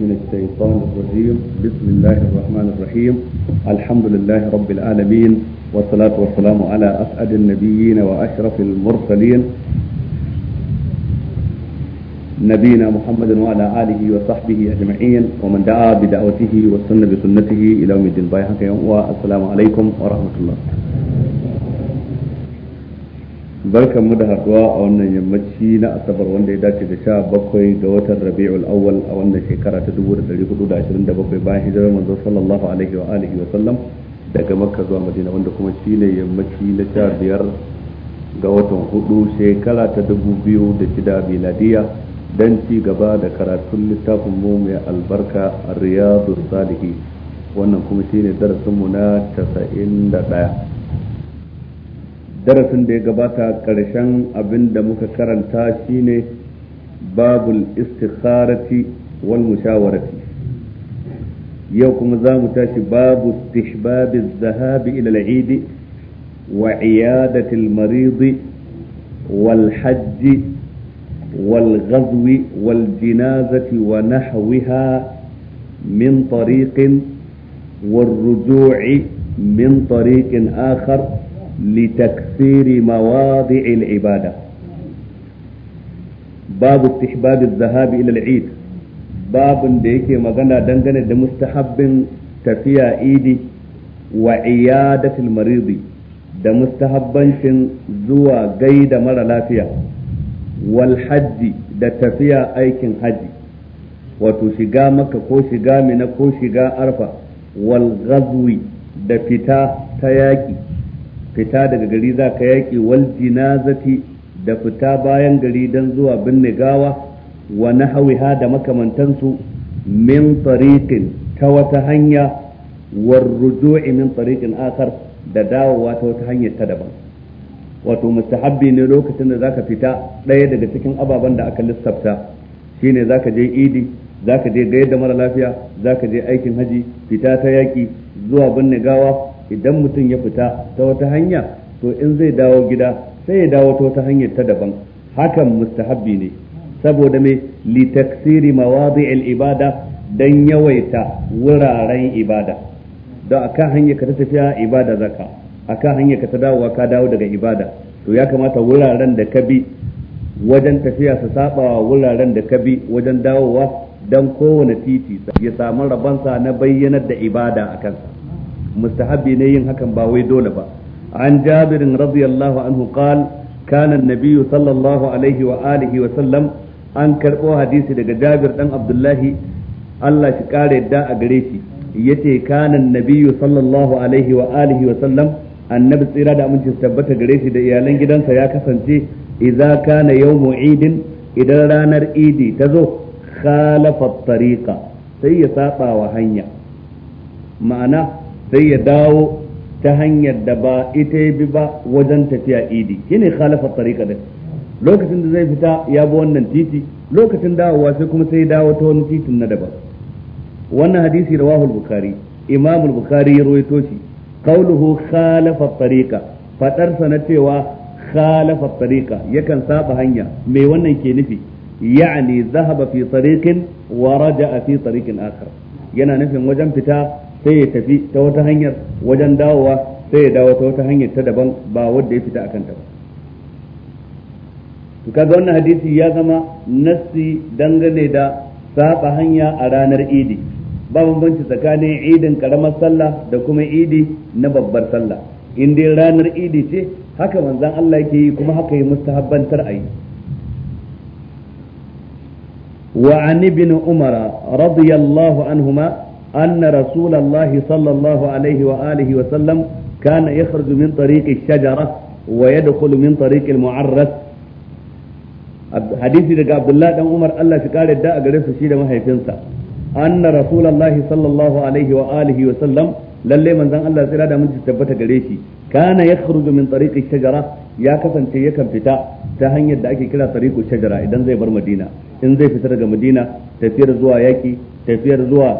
من الشيطان الرجيم بسم الله الرحمن الرحيم الحمد لله رب العالمين والصلاة والسلام على أسعد النبيين وأشرف المرسلين نبينا محمد وعلى آله وصحبه أجمعين ومن دعا بدعوته وسن بسنته إلى يوم الدين والسلام عليكم ورحمة الله barkan mu da haduwa a wannan yammaci na asabar wanda ya dace da sha bakwai ga watan rabi'ul awwal a wannan shekara ta dubu da da da dari hudu ashirin bakwai bayan hijirar manzo sallallahu alaihi wa alihi wa sallam daga makka zuwa madina wanda kuma shi ne yammaci na sha biyar ga watan hudu shekara ta dubu biyu da 2006 miladiya dan ci gaba da karatun littafin mu mai albarka riyadu salihi wannan kuma shi ne darasinmu na casa'in da daya. darasin da ya gabata ƙarshen abin da muka karanta shine babul istikharati wal mushawarati yau kuma za mu tashi babu istihbabi zahabi ila al'idi wa iyadati al-marid wal hajj wal ghazwi wal jinazati wa nahwiha min tariqin والرجوع من طريق آخر لتكثير مواضع العبادة باب استحباب الذهاب إلى العيد باب ديكي مغنى دنغنى لمستحب تفيا إيدي وعيادة المريض da mustahabbancin zuwa gaida mara lafiya wal hajji da tafiya aikin hajji wato shiga maka ko shiga mina ko shiga arfa wal da fita ta yaƙi fita daga gari za ka yaƙi wal jinazati da fita bayan gari don zuwa binne gawa wa na nahawiha da makamantansu min tariqin ta wata hanya war ruju'i min tariqin akhar da dawowa ta wata hanyar ta daban wato mustahabbi ne lokacin da zaka fita ɗaya daga cikin ababen da aka lissafta shine zaka je idi ka je gaida mara lafiya zaka je aikin haji fita ta yaƙi zuwa binne gawa idan mutum ya fita ta wata hanya to in zai dawo gida sai ya dawo ta wata hanyar ta daban hakan mustahabbi ne saboda mai litaksiri mawazi mawadi'il ibada dan yawaita wuraren ibada don akan hanyar ka ta tafiya ibada zaka akan hanyar ka ta dawowa ka dawo daga ibada to ya kamata wuraren da ka bi wajen tafiya su saba wuraren da ka bi wajen dawowa don kowane titi ya samu rabansa na bayyanar da ibada a kansa mustahabi ne yin hakan ba wai dole ba an jabirin radiyallahu anhu qal kana an-nabiy sallallahu alaihi wa alihi wa sallam an karbo hadisi daga jabir dan abdullahi Allah shi kare yadda a gare shi yace kana an-nabiy sallallahu alaihi wa alihi wa sallam annabi tsira da aminci tabbata gare shi da iyalan gidansa ya kasance idza kana yawmu idin idan ranar idi ta zo khalafa tariqa sai ya saba wa hanya ma'ana sai ya dawo ta hanyar da ba ita ya bi ba wajen tafiya idi ne khalafa tariƙa da lokacin da zai fita ya bi wannan titi lokacin dawowa sai kuma sai dawo ta wani titin na daban wannan hadisi da wahul bukari imam bukari ya rawaito shi qawluhu khalafa tariƙa fadar na cewa khalafa tariƙa yakan saba hanya mai wannan ke nufi ya'ni zahaba fi tariqin wa raja'a fi akhar yana nufin wajen fita sai ya tafi ta wata hanyar wajen dawowa sai ya dawo ta wata hanyar ta daban ba wadda ya fita akan ta ba to kaga wannan hadisi ya zama nassi dangane da saba hanya a ranar idi ba bambanci tsakanin idin karamar sallah da kuma idi na babbar sallah in dai ranar idi ce haka manzon Allah yake yi kuma haka yi mustahabbantar ayi wa ابن bin umara radiyallahu anhuma. أن رسول الله صلى الله عليه وآله وسلم كان يخرج من طريق الشجرة ويدخل من طريق المعرس حديث دقاء عبد الله بن عمر الله شكال الداء قريس الشيدة ما هيفنسا أن رسول الله صلى الله عليه وآله وسلم lalle manzon Allah sai da mun tabbata gare shi kana yakhruju min tariqi shajara ya kasance yakan fita ta hanyar da ake kira tariqu shajara idan zai bar Madina in zai fita daga Madina tafiyar zuwa yaki tafiyar zuwa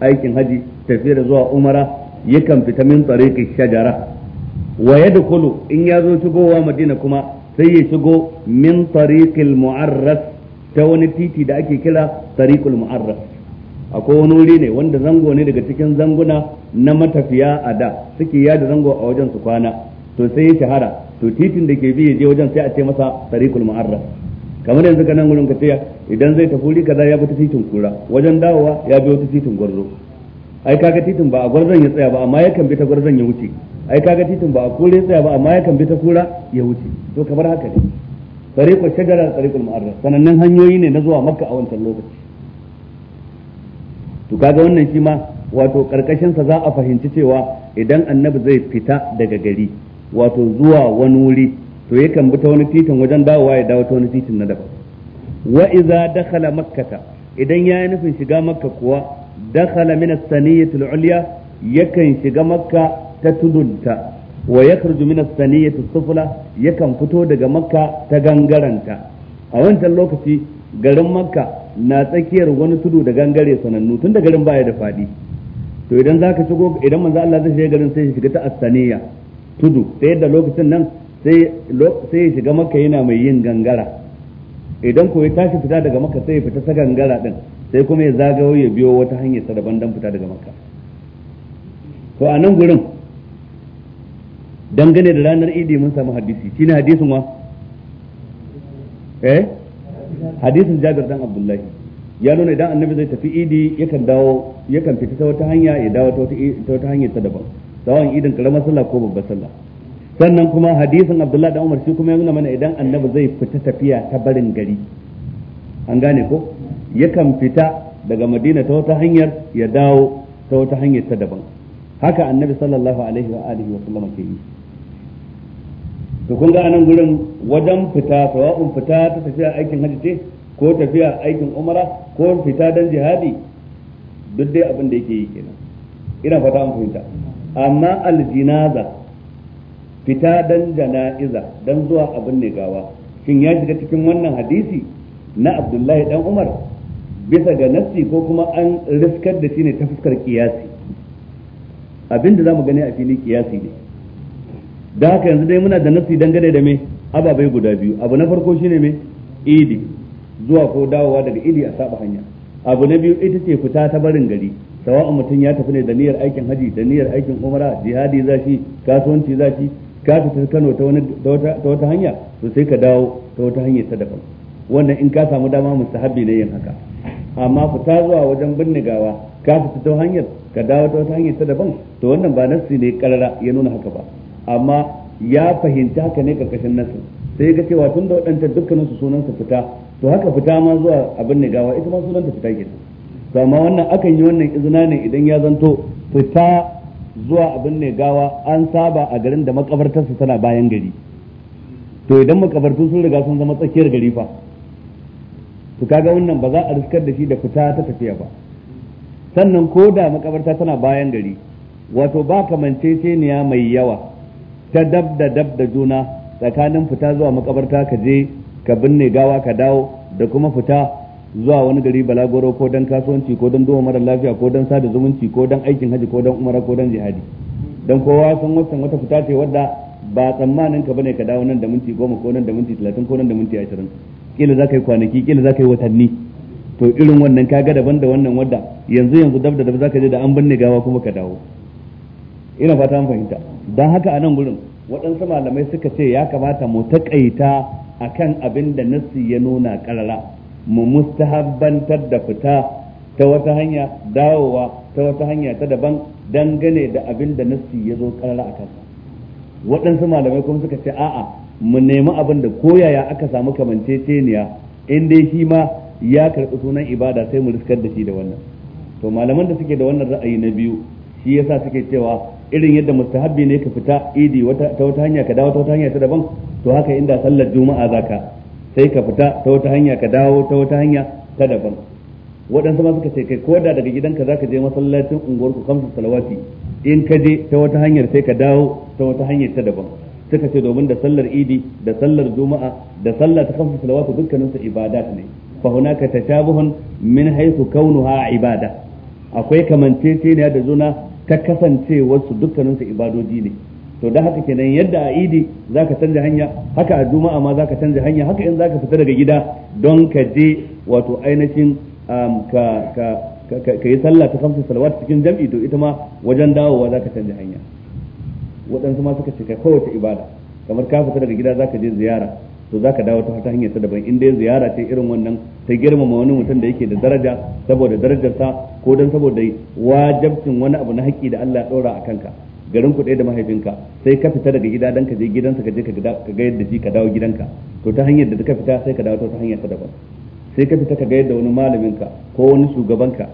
aikin haji tafiyar zuwa umara yakan fita min tsariƙi shajara wa yadkhulu in ya zo shigowa madina kuma sai ya shigo min tariqil mu'arras ta wani titi da ake kira tariqul mu'arras akwai wani wuri ne wanda zango ne daga cikin zanguna na matafiya a da suke yada zango a wajen su kwana to sai ya shahara to titin da ke bi ya je wajen sai a ce masa tariqul mu'arras kamar yanzu ka nan wurin ka ce idan zai tafi wuri kaza ya bi ta titin kura wajen dawowa ya bi wata titin gwarzo ai kaga titin ba a gwarzon ya tsaya ba amma yakan bi ta gwarzon ya wuce ai kaga titin ba a kura ya tsaya ba amma yakan bi ta kura ya wuce to kamar haka ne tariqul shajara tariqul mu'arraf sanannen hanyoyi ne na zuwa makka a wancan lokaci to kaga wannan shi ma wato karkashin sa za a fahimci cewa idan annabi zai fita daga gari wato zuwa wani wuri to yakan bi ta wani titin wajen dawowa ya dawo ta wani titin na daban wa idza dakhala makkata idan yayi nufin shiga makka kuwa dakhala min as-saniyati al-ulya yakan shiga makka ta tudunta wa yakhruju min as-saniyati as-sufla yakan fito daga makka ta gangaranta a wancan lokaci garin makka na tsakiyar wani tudu da gangare sanannu tun da garin baya da fadi to idan zaka shigo idan manzo Allah zai shiga garin sai ya shiga ta as saniyya tudu sai da lokacin nan sai sai ya shiga makka yana mai yin gangara idan ko ya tashi fita daga makka sai ya fita ta gangara din sai kuma ya zagayo ya biyo wata hanyar ta daban dan fita daga makka to a nan gurin dangane da ranar idi mun samu hadisi ne hadisin wa eh hadisin Jabir dan Abdullahi ya nuna idan annabi zai tafi idi yakan dawo yakan fita ta wata hanya ya dawo ta wata hanyar ta daban sawan idin karamar sallah ko babbar sallah sannan kuma hadisin abdullahi da umar shi kuma ya nuna mana idan annabi zai fita tafiya ta barin gari an gane ko yakan fita daga madina ta wata hanyar ya dawo ta wata hanyar ta daban haka annabi sallallahu alaihi wa alihi wa sallam ke yi to kun ga anan gurin wajen fita sawa'un fita ta tafiya aikin haji ce ko tafiya aikin umara ko fita dan jihadi duk dai abin da yake yi kenan ina fata an fahimta amma aljinaza fita dan jana'iza dan zuwa abin ne gawa shin ya shiga cikin wannan hadisi na abdullahi dan umar bisa ga nassi ko kuma an riskar da shi ne ta fuskar kiyasi abin da zamu gani a fili kiyasi ne da haka yanzu dai muna da nassi dangane da me ababai guda biyu abu na farko shine me idi zuwa ko dawowa daga idi a saba hanya abu na biyu ita ce fita ta barin gari sawa'un mutum ya tafi ne da niyyar aikin haji da niyyar aikin umara jihadi zashi kasuwanci zashi ka fita Kano ta wani ta wata hanya to sai ka dawo ta wata hanya ta daban wannan in ka samu dama mustahabbi ne yin haka amma fita zuwa wajen gawa ka fita ta hanyar ka dawo ta wata hanyar ta daban to wannan ba nassi ne karara ya nuna haka ba amma ya fahimta haka ne karkashin nassi sai ga cewa tun da waɗancan dukkanin su sunan su fita to haka fita ma zuwa abin nigawa ita ma sunan ta fita kenan to amma wannan akan yi wannan izina ne idan ya zanto fita zuwa abin ne gawa an saba a garin da makabartarsa tana bayan gari to idan makabartu sun riga sun zama tsakiyar gari fa to kaga wannan ba za a riskar da shi da fita ta tafiya ba sannan ko da makabarta tana bayan gari wato ba ceniya mai yawa ta dab da dab da juna tsakanin fita zuwa makabarta ka je ka binne gawa ka dawo da kuma fita zuwa wani gari balagoro ko dan kasuwanci ko dan doma mara lafiya ko dan sada zumunci ko dan aikin haji ko dan umara ko dan jihadi dan kowa san wancan wata fita ce wadda ba tsammanin ka bane ka dawo nan da minti goma ko nan da minti talatin ko nan da minti ashirin kila za ka yi kwanaki kila za ka yi watanni to irin wannan ka ga daban da wannan wadda yanzu yanzu dab da dab za ka je da an binne gawa kuma ka dawo ina fata an fahimta don haka a nan gurin waɗansu malamai suka ce ya kamata mu taƙaita akan abin da nassi ya nuna ƙarara mu mustahabbantar da fita ta wata hanya dawowa ta wata hanya ta daban dangane da abin da nassi ya zo karara a kansa waɗansu malamai kuma suka ce a'a mu nemi abin da koyaya aka samu kamanceceniya in dai shi ma ya karɓi sunan ibada sai mu riskar da shi da wannan to malaman da suke da wannan ra'ayi na biyu shi yasa suke cewa irin yadda mustahabbi ne ka fita idi ta wata hanya ka dawo ta wata hanya ta daban to haka inda sallar juma'a zaka sai ka fita ta wata hanya ka dawo ta wata hanya ta daban waɗansu ma suka ce kai ko da daga gidanka zaka je masallacin unguwarku kamsu salawati in ka je ta wata hanyar sai ka dawo ta wata hanyar ta daban suka ce domin da sallar idi da sallar juma'a da sallar ta kamsu salawati dukkanin su ibadat ne fa hunaka tashabuhun min haythu kaunuha ibada akwai kamanceceniya da juna ta kasancewarsu dukkanin su ibadoji ne to da haka kenan yadda a idi zaka canza hanya haka a juma'a ma zaka canza hanya haka in zaka fita daga gida don ka je wato ainihin um, ka ka yi sallah ta kamsu salawat cikin jam'i to ita ma wajen dawowa za ka canza hanya waɗansu ma suka ce kai kowace ibada kamar ka fita daga gida za ka je ziyara to zaka dawo ta wata hanyar ta daban inda ya ziyara ce irin wannan ta girmama wani mutum da yake da daraja saboda darajarsa ko don saboda wajabcin wani abu na haƙƙi da Allah ya ɗora a kanka garin ku da mahaifinka sai ka fita daga gida dan ka je gidansa ka je ka ga yadda shi ka dawo gidanka to ta hanyar da ka fita sai ka dawo ta hanyar ta daban sai ka fita ka ga yadda wani malaminka ko wani shugabanka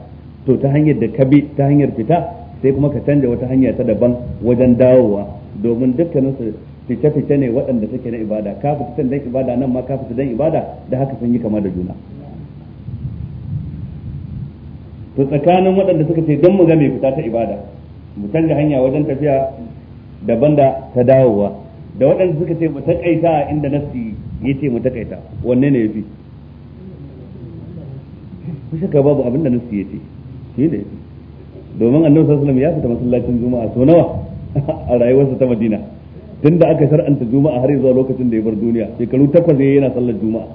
to ta hanyar da ka bi ta hanyar fita sai kuma ka canja wata hanya ta daban wajen dawowa domin su fice-fice ne waɗanda suke na ibada ka fita dan ibada nan ma ka fita dan ibada da haka sun yi kama da juna to tsakanin waɗanda suka ce don mu ga mai fita ta ibada mu canza hanya wajen tafiya daban da ta dawowa da waɗanda suka ce mu taƙaita inda nafsi ce mu taƙaita wanne ne ya fi ku ka babu abin da nafsi ce shi ne domin annabi sallallahu alaihi ya fita masallacin juma'a so nawa a rayuwarsa ta Madina tun da aka shar'anta juma'a har zuwa lokacin da ya bar duniya shekaru takwas ya yana sallar juma'a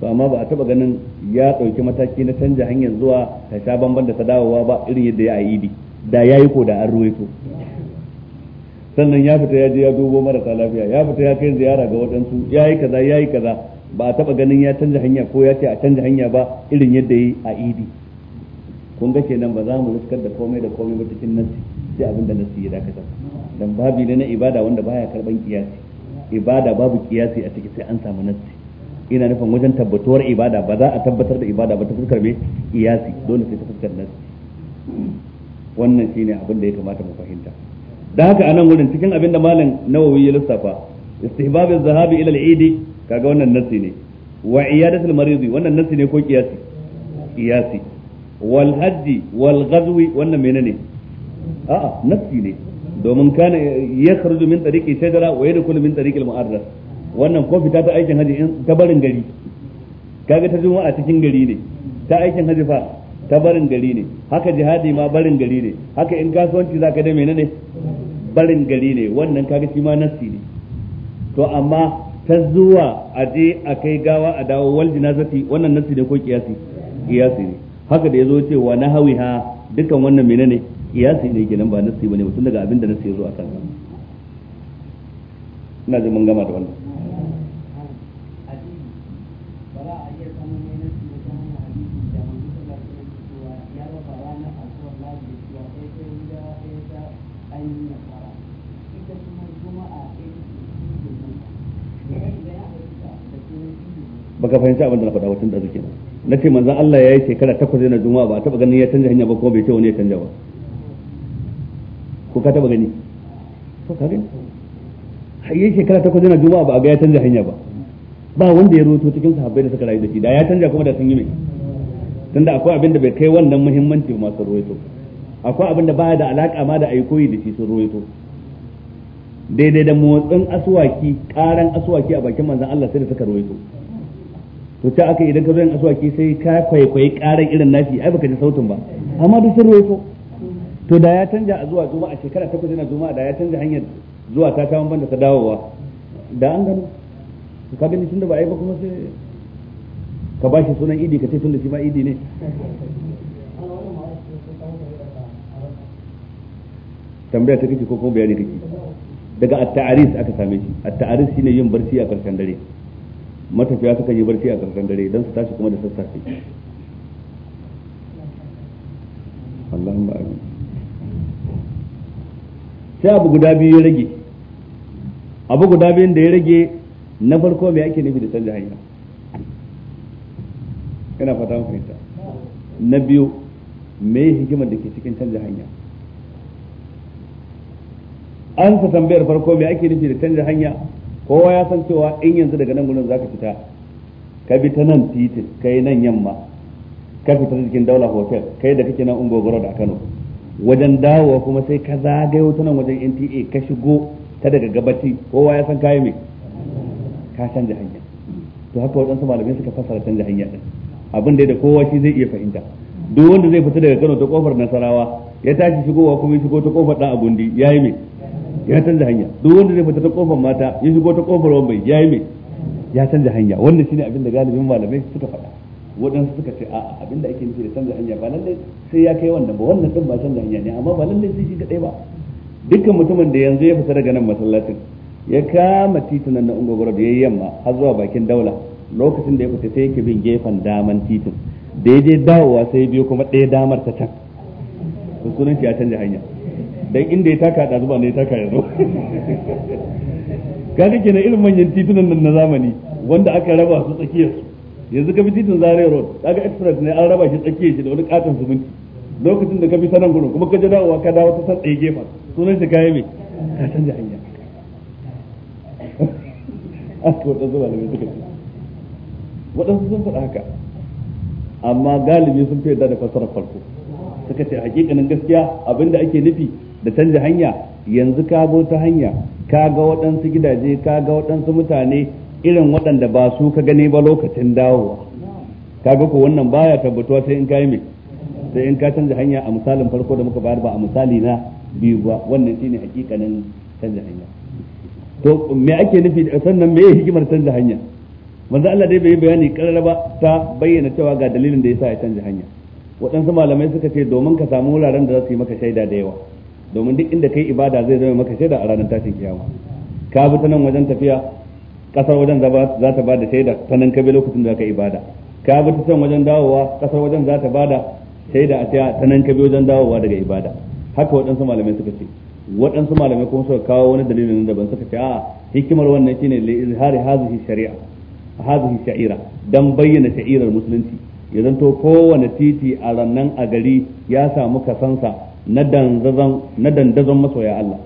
to amma ba a taba ganin ya ɗauki mataki na canja hanyar zuwa ta sha bamban da ta dawowa ba irin yadda ya idi. da yi ko da an ruwaito sannan ya fita ya je ya dubo marasa lafiya ya fita ya kai ziyara ga waɗansu ya yi kaza ya yi kaza ba a taɓa ganin ya canza hanya ko ya ce a canza hanya ba irin yadda yi a idi kun ga kenan ba za mu riskar da komai da komai ba cikin nan sai abin da nasi ya dakatar dan babi ne na ibada wanda baya karban kiyasi ibada babu kiyasi a ciki sai an samu nasi ina nufin wajen tabbatuwar ibada ba za a tabbatar da ibada ba ta fuskar me kiyasi dole sai ta fuskar nasi wannan shine abin da ya kamata mu fahimta da haka anan wurin cikin abin da malam nawawi ya lissafa istihbab az-zahabi ila al-eid kaga wannan nasi ne wa iyadat al-maridi wannan nasi ne ko qiyasi qiyasi wal hajj wal ghazwi wannan menene a'a nasi ne domin kana kharju min tariqi shajara wa yadkhulu min tariqi al-mu'arrad wannan ko fita ta aikin haji in ta barin gari kaga ta juma'a cikin gari ne ta aikin haji fa ta barin gari ne haka jihadi ma barin gari ne haka in kasuwanci ka da menene barin gari ne wannan kaga shi ma nassi ne to amma ta zuwa a je a kai gawa a dawo wal jinazati wannan nassi ne ko kiyasi kiyasi ne haka da yazo ce wa nahawiha dukan wannan menene kiyasi ne kenan ba nassi bane mutun daga abin da nassi yazo a kan na ji mun gama da wannan baka fahimci abin da na faɗa wa tun da zuke na ce manzan Allah ya yi shekara takwas yana juma'a ba a taɓa ganin ya canja hanya ba kuma bai ce wani ya canja ba ko ka taɓa gani to ka gani har yi shekara takwas yana juma'a ba a ga ya canja hanya ba ba wanda ya rubuto cikin sahabbai da suka rayu da shi da ya canja kuma da sun yi mai tunda akwai abin da bai kai wannan muhimmanci ba masu ruwaito akwai abin da baya da alaka ma da ayi koyi da shi sun ruwaito daidai da motsin asuwaki karan asuwaki a bakin manzan Allah sai da suka ruwaito to ta aka idan ka zo yin aswaki sai ka kwaikwayi karar irin nashi ai baka ji sautin ba amma duk sun rawaito to da ya canja a zuwa juma'a shekara ta yana juma'a da ya canja hanyar zuwa ta kawo banda ta dawowa da an gano to ka gani tunda ba ai ba kuma sai ka ba shi sunan idi ka ce tunda shi ma idi ne tambaya ta kake ko kuma bayani kake daga at-ta'aris aka same shi at-ta'aris shine yin barci a karshen dare matafiya suka yi barci a ƙarshen dare don su tashi kuma da sassafe sai abu guda biyu ya rage abu guda biyun da ya rage na farko me ake nufi da canza hanya ina fata mun fahimta na biyu me hikimar da ke cikin canza hanya an sa tambayar farko me ake nufi da canza hanya kowa ya san cewa in yanzu daga nan gudun zaka fita ka bi ta nan titin kai nan yamma ka fita cikin daula hotel kai da kake nan ungogoro da Kano wajen dawowa kuma sai ka zagayo ta nan wajen NTA ka shigo ta daga gabaci kowa ya san kayi mai ka canja hanya to haka waɗansu malamai suka fassara canja hanya ɗin abin da kowa shi zai iya fahimta duk wanda zai fita daga Kano ta kofar Nasarawa ya tashi shigowa kuma ya shigo ta kofar dan Agundi yi mai ya canza hanya duk wanda zai fita ta kofar mata ya shigo ta kofar wani bai yi mai ya canza hanya wannan shine abin da galibin malamai suka faɗa waɗansu suka ce a'a abin da ake nufi da canza hanya ba lallai sai ya kai wannan ba wannan din ba canza hanya ne amma ba lallai sai shi kaɗai ba dukkan mutumin da yanzu ya fita daga nan masallacin ya kama titunan na ungwagwara da ya yamma har zuwa bakin daula lokacin da ya fita sai yake bin gefen daman titin da ya je dawowa sai biyo kuma ɗaya damar ta can sunan shi ya canza hanya dan inda ya taka da zuba ne ya taka yanzu dake kenan irin manyan titunan nan na zamani wanda aka raba su tsakiyar su yanzu ka bi titin Zare Road kaga express ne an raba shi tsakiyar shi da wani katon zumunci lokacin da ka bi sanan gurin kuma ka ji dawowa ka dawo ta tsaye gefa sunan shi kai me ka canja hanya asko da zuwa da suka ce waɗansu sun faɗa haka amma galibi sun fi yadda da fasarar farko suka ce hakikanin gaskiya abinda ake nufi da canja hanya yanzu ka bo ta hanya ka ga waɗansu gidaje ka ga waɗansu mutane irin waɗanda ba su ka gani ba lokacin dawowa ga ko wannan baya tabbatuwa sai in kai mai sai in ka canza hanya a misalin farko da muka bayar ba a misali na biyu ba wannan shine hakikanin canza hanya to me ake nufi da sannan me hikimar canza hanya manzo Allah dai bai bayani karara ba ta bayyana cewa ga dalilin da yasa ya canza hanya waɗansu malamai suka ce domin ka samu wuraren da za su yi maka shaida da yawa domin duk inda kai ibada zai zama maka shaida a ranar tashin kiyama ka bi ta nan wajen tafiya kasar wajen za ta bada shaida ta nan ka bi lokacin da ka ibada ka bi ta can wajen dawowa kasar wajen za ta bada shaida a cewa ta nan ka bi wajen dawowa daga ibada haka waɗansu malamai suka ce waɗansu malamai kuma suka kawo wani dalilin da ban suka ce a'a hikimar wannan shine li izhari hazihi shari'a hazihi sha'ira dan bayyana sha'irar musulunci ya zanto kowane titi a rannan a gari ya samu kasansa na dandazon masoya Allah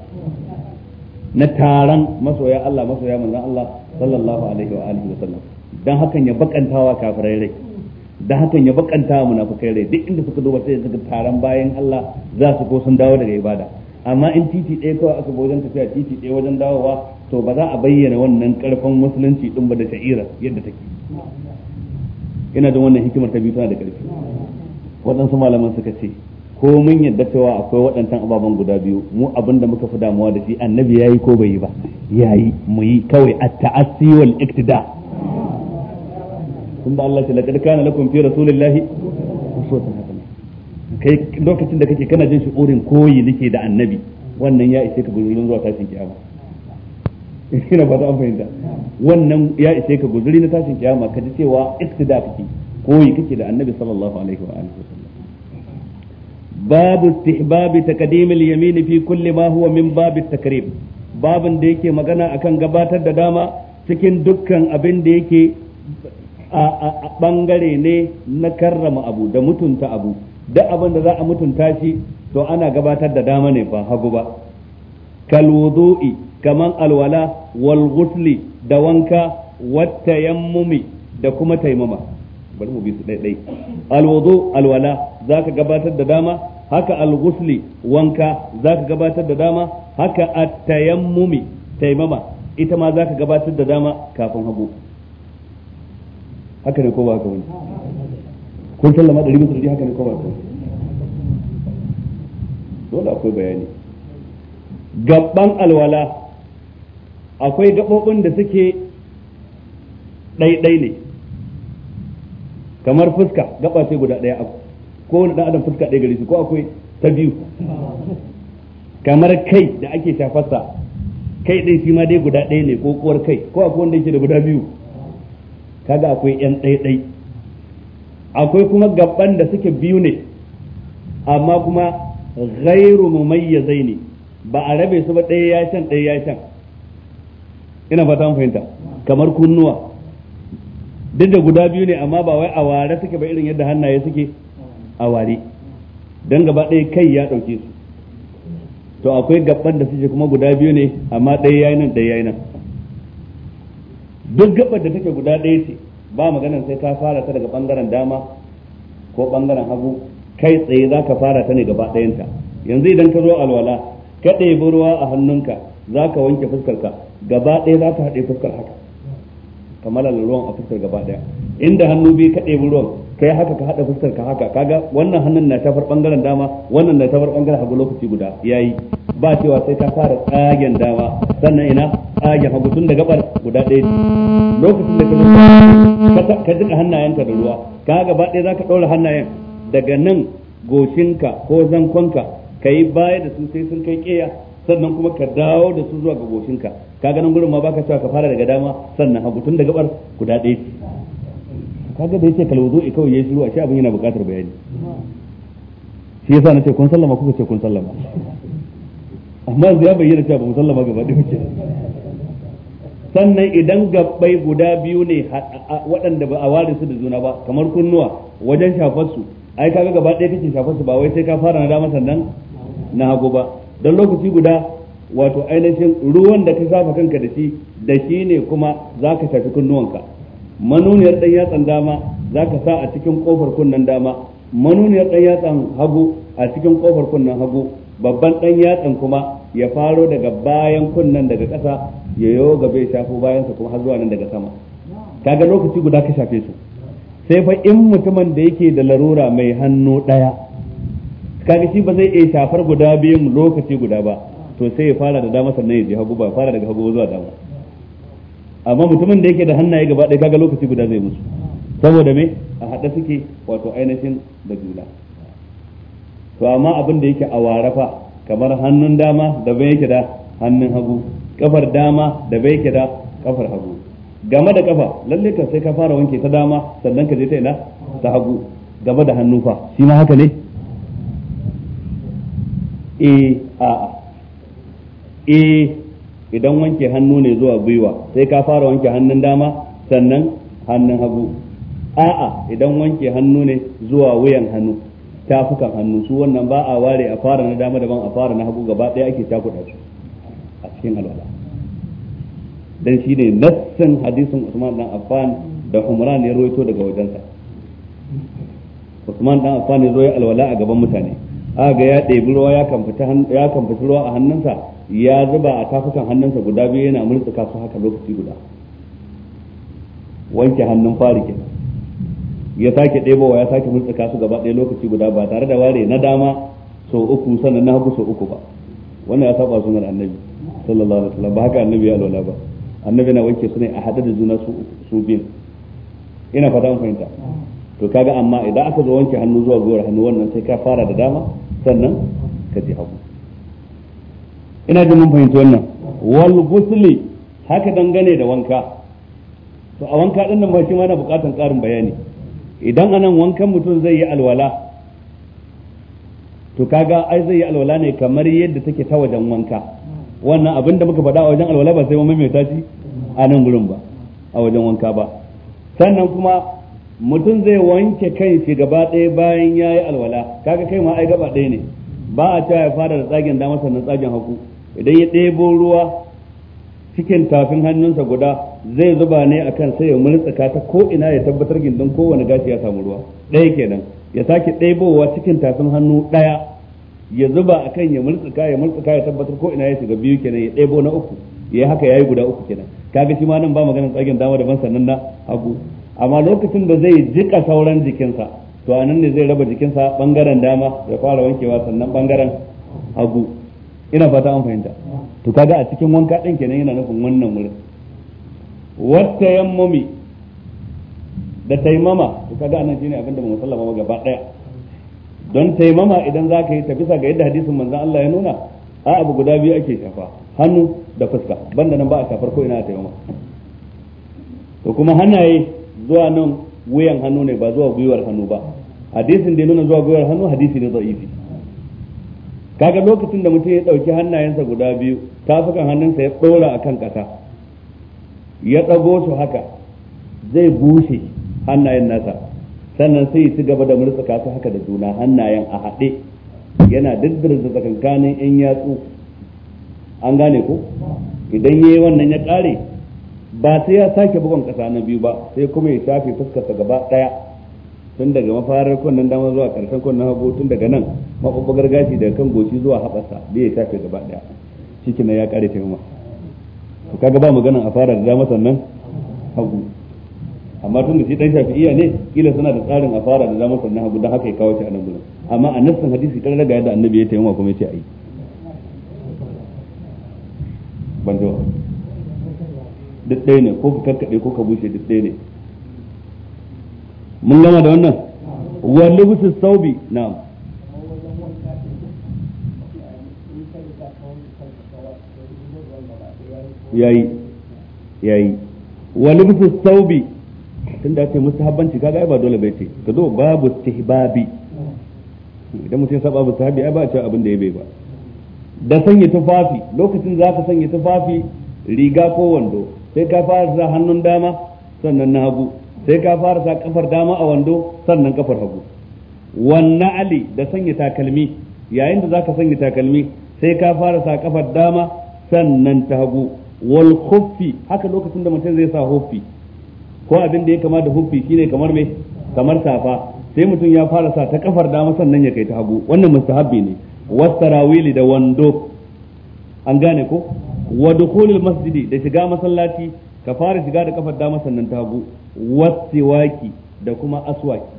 na taron masoya Allah masoya manzan Allah sallallahu alaihi wa alihi wa sallam dan hakan ya bakantawa kafirai rai dan hakan ya bakantawa munafikai rai duk inda suka duba sai suka taron bayan Allah za su ko sun dawo daga ibada amma in titi ɗaya kawai aka wajen tafiya titi ɗaya wajen dawowa to ba za a bayyana wannan karfin musulunci din ba da sha'ira yadda take ina da wannan hikimar ta biyu tana da ƙarfi waɗansu malaman suka ce ko mun yadda cewa akwai waɗantan ababen guda biyu mu abin da muka fi damuwa da shi annabi yayi ko bai yi ba yayi mu yi kawai at-ta'assi wal iktida tunda Allah ya laqad kana lakum fi rasulillahi uswatun hasana kai lokacin da kake kana jin shi'urin koyi nake da annabi wannan ya ishe ka gurin zuwa tashin kiyama ina ba ta an fahimta wannan ya ishe ka guzuri na tashin kiyama ka ji cewa iktida kake koyi kake da annabi sallallahu alaihi wa alihi babu istihbabi taqdimil yamin fi kulli ma huwa min babi takrib babin da yake magana akan gabatar da dama cikin dukkan abin da yake a bangare ne na karrama abu da mutunta abu da abin da za a mutunta shi to ana gabatar da dama ne ba hagu ba kal wudu'i kaman alwala wal ghusli da wanka wat tayammumi da kuma taimama bari mu bi su ɗai ɗai alwudu alwala za ka gabatar da dama haka al-ghusli wanka zaka gabatar da dama haka at-tayammumi taimama ita ma zaka gabatar da dama kafin hagu haka ne ko ba haka wani kun sallama da ribin sirri haka ne ko ba haka dole akwai bayani gabban alwala akwai gabobin da suke daidai ne kamar fuska gaba sai guda daya abu Ko wani dan adam fuska ɗaya gare shi ko akwai ta biyu kamar kai da ake shafarsa kai ɗin shi ma dai guda ɗaya ne ko kuwar kai ko akwai wanda yake da guda biyu kaga akwai yan ɗaya ɗai akwai kuma gaban da suke biyu ne amma kuma gairu ghairu zai ne ba a rabe su ba ɗaya ya shan ɗaya ya shan ina fata mun fahimta kamar kunnuwa duk da guda biyu ne amma ba wai a ware suke ba irin yadda hannaye suke a ware don gaba ɗaya kai ya ɗauke su to akwai gaban da suke kuma guda biyu ne amma ɗaya yayi nan ɗaya yayi nan duk gabar da take guda ɗaya ce ba maganar sai ka fara ta daga ɓangaren dama ko ɓangaren hagu kai tsaye za ka fara ta ne gaba ɗayanta yanzu idan ka zo alwala ka ɗebi ruwa a hannunka za ka wanke fuskarka gaba ɗaya za ka haɗe fuskar haka kamar ruwan a fuskar gaba ɗaya inda hannu biyu ka ɗebi ruwan kai haka ka hada fuskar ka haka kaga wannan hannun na tafar bangaren dama wannan na tafar bangaren hagu lokaci guda yayi ba cewa sai ka fara tsagen dama sannan ina tsagen hagu tun da gabar guda ɗaya lokacin da ka ka jika hannayenka da ruwa ka ba ɗaya zaka ɗaura hannayen daga nan goshinka ko zankonka ka yi baya da su sai sun kai ƙeya sannan kuma ka dawo da su zuwa ga goshinka ka ganin gurin ma baka cewa ka fara daga dama sannan hagu tun da gabar guda ɗaya kaga da yace kalwudu kawai yayi shiru a shi abin yana buƙatar bayani shi yasa nace kun sallama kuka ce kun sallama amma yanzu ya bayyana cewa ba mu sallama gaba da ke sannan idan gabbai guda biyu ne waɗanda ba a ware su da juna ba kamar kunnuwa wajen shafar su ai kaga gaba ɗaya kake shafar su ba wai sai ka fara na dama sannan na hagu ba don lokaci guda wato ainihin ruwan da ka shafa kanka da shi da shi ne kuma za ka shafi kunnuwanka manuniyar dan yatsan dama zaka sa a cikin kofar kunnen dama manuniyar dan yatsan hagu a cikin kofar kunnen hagu babban dan yatsan kuma ya faro daga bayan kunnen daga ƙasa ya yo gabe ya shafo bayansa kuma har zuwa nan daga sama kaga lokaci guda ka shafe su sai fa in mutumin da yake da larura mai hannu ɗaya kaga shi ba zai iya shafar guda biyun lokaci guda ba to sai ya fara da dama sannan ya je hagu ba fara daga hagu zuwa dama amma mutumin da yake da hannaye gaba ɗaya kaga lokaci guda zai musu saboda me a haɗa suke wato ainihin da juna to amma abin da yake a warafa kamar hannun dama da bai yake da hannun hagu kafar dama da bai yake da kafar hagu game da kafa lalle ka sai ka fara wanke ta dama sannan ka je ta ina ta hagu game da hannu fa shi ma haka ne eh a'a eh idan wanke hannu ne zuwa gwiwa sai ka fara wanke hannun dama sannan hannun hagu a'a idan wanke hannu ne zuwa wuyan hannu tafukan hannu su wannan ba a ware a fara na dama daban a fara na hagu gaba ɗaya ake takuɗa su a cikin alwala dan ne nassan hadisin Usman dan Affan da Umran ya ruwaito daga wajensa Usman dan Affan ya zo ya alwala a gaban mutane ga ya ɗebi ruwa ya kan fita ruwa a hannunsa ya zuba a tafukan hannunsa guda biyu yana murtsuka su haka lokaci guda wanke hannun fari ke ya sake ɗebowa ya sake murtsuka su gaba ɗaya lokaci guda ba tare da ware na dama sau uku sannan na hagu sau uku ba wannan ya saba sunan annabi sallallahu alaihi wasallam ba haka annabi ya lola ba annabi na wanke su ne a haɗe da juna su su biyu ina fata an fahimta to kaga amma idan aka zo wanke hannu zuwa gora hannu wannan sai ka fara da dama sannan ka ji hagu ina jin mun fahimci wannan wal gusli haka dangane da wanka to a wanka din nan ba shi ma na bukatan karin bayani idan anan wankan mutum zai yi alwala to kaga ai zai yi alwala ne kamar yadda take ta wajen wanka wannan abin da muka faɗa a wajen alwala ba sai mun maimaita shi a nan gurin ba a wajen wanka ba sannan kuma mutum zai wanke kai shi gaba ɗaya bayan ya yi alwala kaga kai ma ai gaba ɗaya ne ba a cewa ya fara da tsagen dama sannan tsagen hagu idan ya ɗebo ruwa cikin tafin hannunsa guda zai zuba ne a kan sai ya multsaka ta ko ina ya tabbatar gindin kowane gashi ya samu ruwa ɗaya kenan ya sake ɗebowa cikin tafin hannu ɗaya ya zuba a kan ya multsaka ya multsaka ya tabbatar ko ina ya shiga biyu kenan ya ɗebo na uku ya haka ya yi guda uku kenan kaga shi ma nan ba maganin tsagen dama ban sannan na hagu amma lokacin da zai jika sauran jikinsa to a nan ne zai raba jikinsa bangaren dama ya fara wankewa sannan bangaren hagu ina fata an fahimta to kaga a cikin wanka din kenan yana nufin wannan wurin wata yammami da taimama to kaga anan shine abinda mu sallama gaba daya don taimama idan za ka yi ta bisa ga yadda hadisin manzon Allah ya nuna a abu guda biyu ake shafa hannu da fuska banda nan ba a shafar ko ina taimama to kuma hannaye zuwa nan wuyan hannu ne ba zuwa gwiwar hannu ba hadisin da ya nuna zuwa gwiwar hannu hadisi ne da'ifi kaga lokacin da mutum ya ɗauki hannayensa guda biyu tafukan hannunsa ya ɗora a kan ƙasa ya ɗago su haka zai bushe hannayen nasa sannan sai ya ci gaba da murtsaka su haka da juna hannayen a haɗe yana diddirza tsakankanin yan yatsu an gane ko idan ya yi wannan ya ƙare ba sai ya sake bugun ƙasa na biyu ba sai kuma ya shafe fuskarsa gaba ɗaya tun daga mafarar kunnen dama zuwa karshen kunnen hagu tun daga nan mabubbugar gashi daga kan goshi zuwa haɓasa da ya shafe gaba ɗaya cikin ya ƙare taimama to kaga ba maganan a fara da dama sannan hagu amma tun da shi shafi iya ne kila suna da tsarin a fara da dama sannan hagu don haka ya kawo shi a nan gudun amma a nassan hadisi kan daga yadda annabi ya taimama kuma ya ce a yi ban duk ɗaya ne ko ka karkaɗe ko ka bushe duk ɗaya ne mun gama da wannan wa lubsu saubi na'am yayi yayi wa lubsu saubi tunda ake mustahabbanci kaga ba dole bai ce ka zo babu istihbabi idan mutum ya saba babu sahabi ai ba ce abin da ya bai ba da sanya tufafi lokacin za ka sanya tufafi riga ko wando sai ka fara sa hannun dama sannan na hagu sai ka fara sa kafar dama a wando sannan kafar hagu wannan ali da sanya takalmi yayin da zaka sanya takalmi sai ka fara sa kafar dama sannan ta hagu wal khuffi haka lokacin da mutum zai sa huffi ko abin da ya kama da huffi shine kamar me kamar safa sai mutum ya fara sa ta kafar dama sannan ya kai ta hagu wannan mustahabbi ne wasarawili da wando an gane ko wa dukhulul masjidi da shiga masallaci ka fara shiga da kafar dama sannan ta hagu wasiwaki da kuma aswaki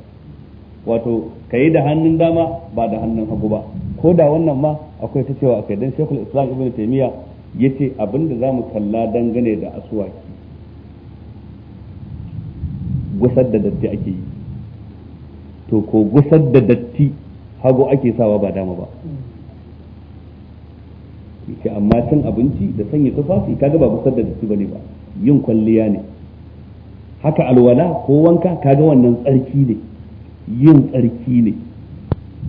wato ka yi da hannun dama ba da hannun hagu ba ko da wannan ma akwai ta cewa akai dan shekul islam ibn ya yace abinda zamu kalla dangane da aswaki gusar da datti ake yi to ko gusar da datti hagu ake sawa ba dama ba yake amma cin abinci da sanya tufafi kaga ba gusar da datti bane ba yin kwalliya ne haka alwala ko wanka kaga wannan tsarki ne yin tsarki ne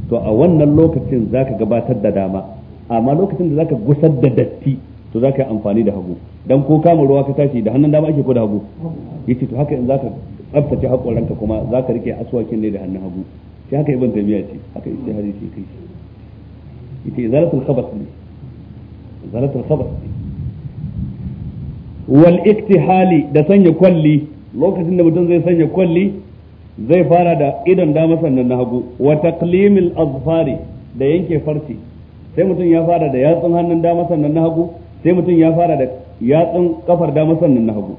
to a wannan lokacin zaka gabatar da dama amma lokacin da zaka gusar da datti to zaka yi amfani da hagu dan ko kama ruwa ka tashi da hannun dama ake ko da hagu yace to haka in zaka tsaftace hakoranka kuma zaka rike aswakin ne da hannun hagu shi haka ibn tabiya ce haka ishe hadisi kai yace izalatul khabath ne izalatul khabas ne wal iktihali da sanya kwalli lokacin da mutum zai sanya kwalli zai fara da idon dama sannan na hagu wa taqlimil azfari da yanke farce sai mutum ya fara da yatsun hannun dama sannan na hagu sai mutum ya fara da yatsun kafar dama sannan na hagu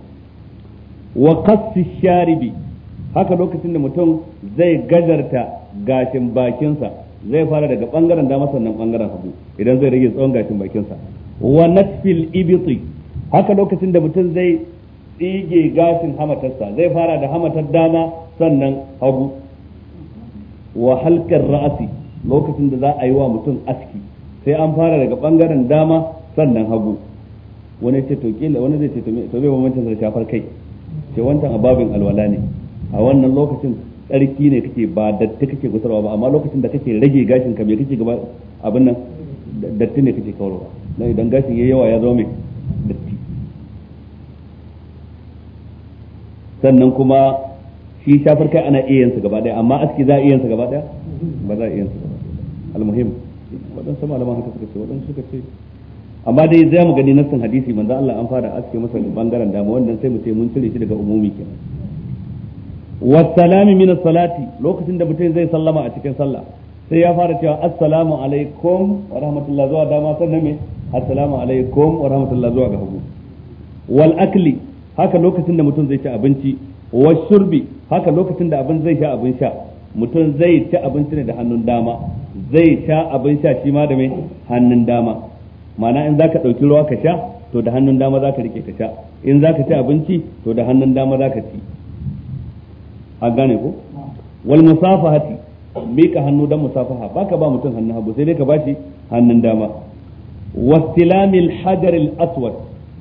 wa qassi sharibi haka lokacin da mutum zai gajarta gashin bakinsa zai fara daga bangaren dama sannan bangaren hagu idan zai rage tsawon gashin bakinsa wa natfil ibti haka lokacin da mutum zai tsige gashin hamatarsa zai fara da hamatar dama sannan hagu wa halkar ra'asi lokacin da za a yi wa mutum aski sai an fara daga bangaren dama sannan hagu wani ce to kila wani zai ce to bai mamancin da shafar kai ce wancan ababin alwala ne a wannan lokacin tsarki ne kake ba datti kake gusarwa ba amma lokacin da kake rage gashin ka me kake gaba abin nan datti ne kake kawarwa dan idan gashin yayi yawa ya zo mai sannan kuma shi shafar kai ana iya yansa gaba daya amma aski za a iya yansa gaba daya ba za a iya yansa gaba almuhim waɗansu malaman haka suka ce waɗansu suka ce amma dai zai mu gani nassin hadisi manzo Allah an fara aske masa bangaren dama wannan sai mu ce mun cire shi daga umumi kenan wassalami min salati lokacin da mutum zai sallama a cikin sallah sai ya fara cewa assalamu alaikum wa rahmatullahi zuwa dama sannan me assalamu alaikum wa rahmatullahi zuwa ga hagu wal akli haka lokacin da mutum zai ci abinci wa shurbi haka lokacin da abin zai sha abin sha mutum zai ci abinci ne da hannun dama zai sha abin sha shi ma da mai hannun dama ma'ana in zaka ɗauki ruwa ka sha to da hannun dama zaka rike ka sha in zaka ci abinci to da hannun dama zaka ci a gane ko wal musafahati mika hannu dan musafaha baka ba mutum hannun hagu sai dai ka bashi hannun dama wastilamil hajaril aswad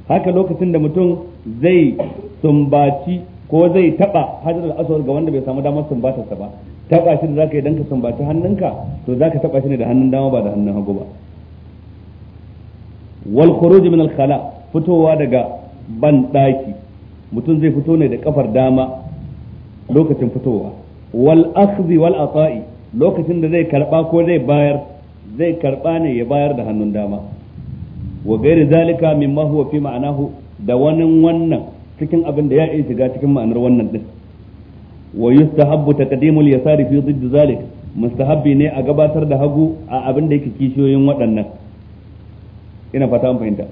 haka lokacin da mutum zai sumbaci ko zai taba hajar aswad ga wanda bai samu damar sumbatarsa ba taba shi da zaka yi dan ka sumbaci hannunka to zaka taba shi ne da hannun dama ba da hannun hagu ba wal khuruj min fitowa daga ban daki mutum zai fito ne da kafar dama lokacin fitowa wal akhdhi wal ata'i lokacin da zai karba ko zai bayar zai karba ne ya bayar da hannun dama wa gairi zalika mimma huwa fi ma'anahu da wani wannan cikin abin da ya iya shiga cikin ma'anar wannan din wa yustahabbu taqdimul yasari fi dhidd zalik mustahabbi ne a gabatar da hagu a abin da yake kishiyoyin waɗannan ina fata an fahimta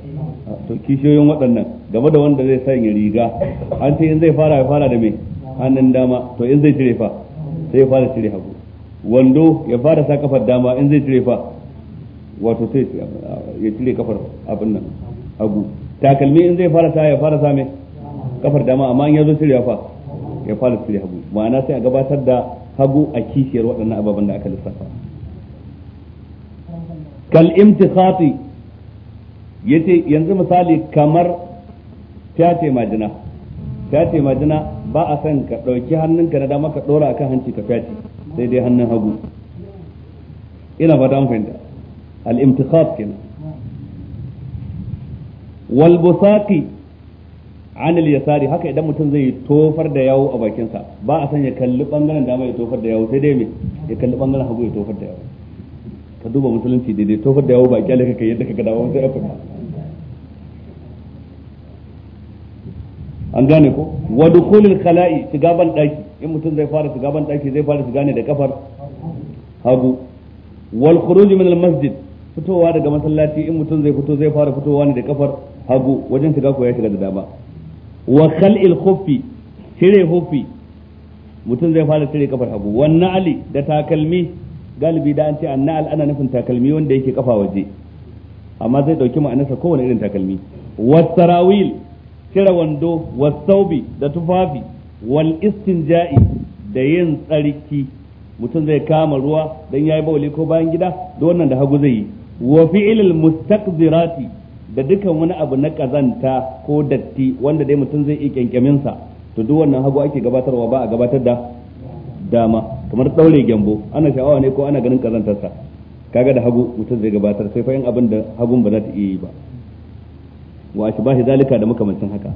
to kishiyoyin waɗannan game da wanda zai sanya riga an ce in zai fara ya fara da me hannun dama to in zai cire fa sai ya fara cire hagu wando ya fara sa kafar dama in zai cire fa wato sai ya cire kafar abin nan hagu takalmi in zai fara sa ya fara sa mai kafar dama amma in ya zo shirya fa ya fara shirya hagu ma'ana sai a gabatar da hagu a kishiyar waɗannan ababen da aka lissafa kal imtikhati yace yanzu misali kamar tace majina tace majina ba a san ka ɗauki hannunka na dama ka ɗora akan hanci ka fyace sai dai hannun hagu ina fata an fahimta al imtikhat kenan walbusaki an al yasari haka idan mutum zai tofar da yawo a bakin sa ba a san ya kalli bangaren dama ya tofar da yawo sai dai me ya kalli bangaren hagu ya tofar da yawo ka duba musulunci daidai tofar da yawo ba kyale kai yadda kaka dawo sai afa an gane ko wa dukulil khala'i shiga ban daki in mutum zai fara shiga ban daki zai fara shiga ne da kafar hagu wal khuruj min al masjid fitowa daga masallaci in mutum zai fito zai fara fitowa ne da kafar hagu wajen shiga ko ya shiga da dama wa khal'il khuffi tire khuffi mutum zai fara cire kafar hagu wannan ali da takalmi galibi da an ce annal ana nufin takalmi wanda yake kafa waje amma zai dauki ma'anarsa kowane irin takalmi wasarawil cire wando wasaubi da tufafi wal istinja'i da yin tsarki mutum zai kama ruwa dan yayi bawli ko bayan gida da wannan da hagu zai yi wa fi'il mustaqdirati da dukan wani abu na kazanta ko datti wanda dai mutum zai iya kyankyamin sa to duk wannan hagu ake gabatarwa ba a gabatar da dama kamar daure gyambo ana sha'awa ne ko ana ganin kazantar sa kaga da hagu mutum zai gabatar sai fa abin da hagun ba za ta iya yi ba wa ashbahi zalika da makamancin haka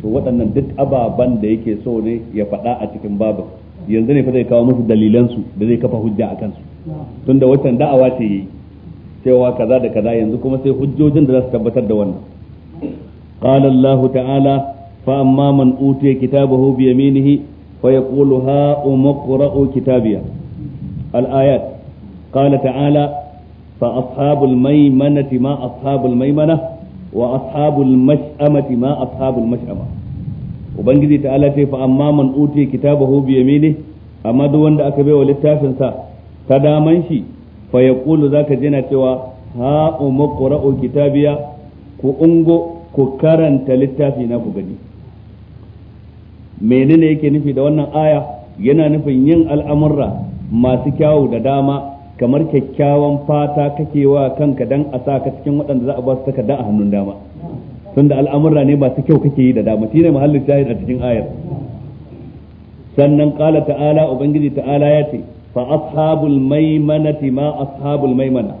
to waɗannan duk ababan da yake so ne ya faɗa a cikin babu yanzu ne fa zai kawo musu dalilansu da zai kafa hujja a kansu tunda watan da'awa ce yi cewa kaza da kaza yanzu kuma sai hujjojin da za su tabbatar da wannan qala Allah ta'ala fa amma man utiya kitabahu bi yaminihi fa yaqulu ha umqra'u kitabiya al-ayat qala ta'ala fa ashabul maimanati ma ashabul maimana wa ashabul mash'amati ma ashabul mash'ama ubangiji ta'ala ce fa amma man utiya amma duk wanda aka baiwa littafin sa ta daman shi fa Kulu za ka jina cewa ha ƙura'u kitabiya ku ungo ku karanta littafi na ku gani menene yake nufi da wannan aya yana nufin yin al'amurra masu kyawu da dama kamar kyakkyawan fata kake wa kanka dan a sa ka cikin waɗanda za a ba su kada a hannun dama tunda al'amurra ne masu kyau kake yi da dama ne mahallin shahid a cikin ayar sannan ƙala ta'ala ubangiji ta'ala ya ce fa ashabul maimanati ma ashabul maimana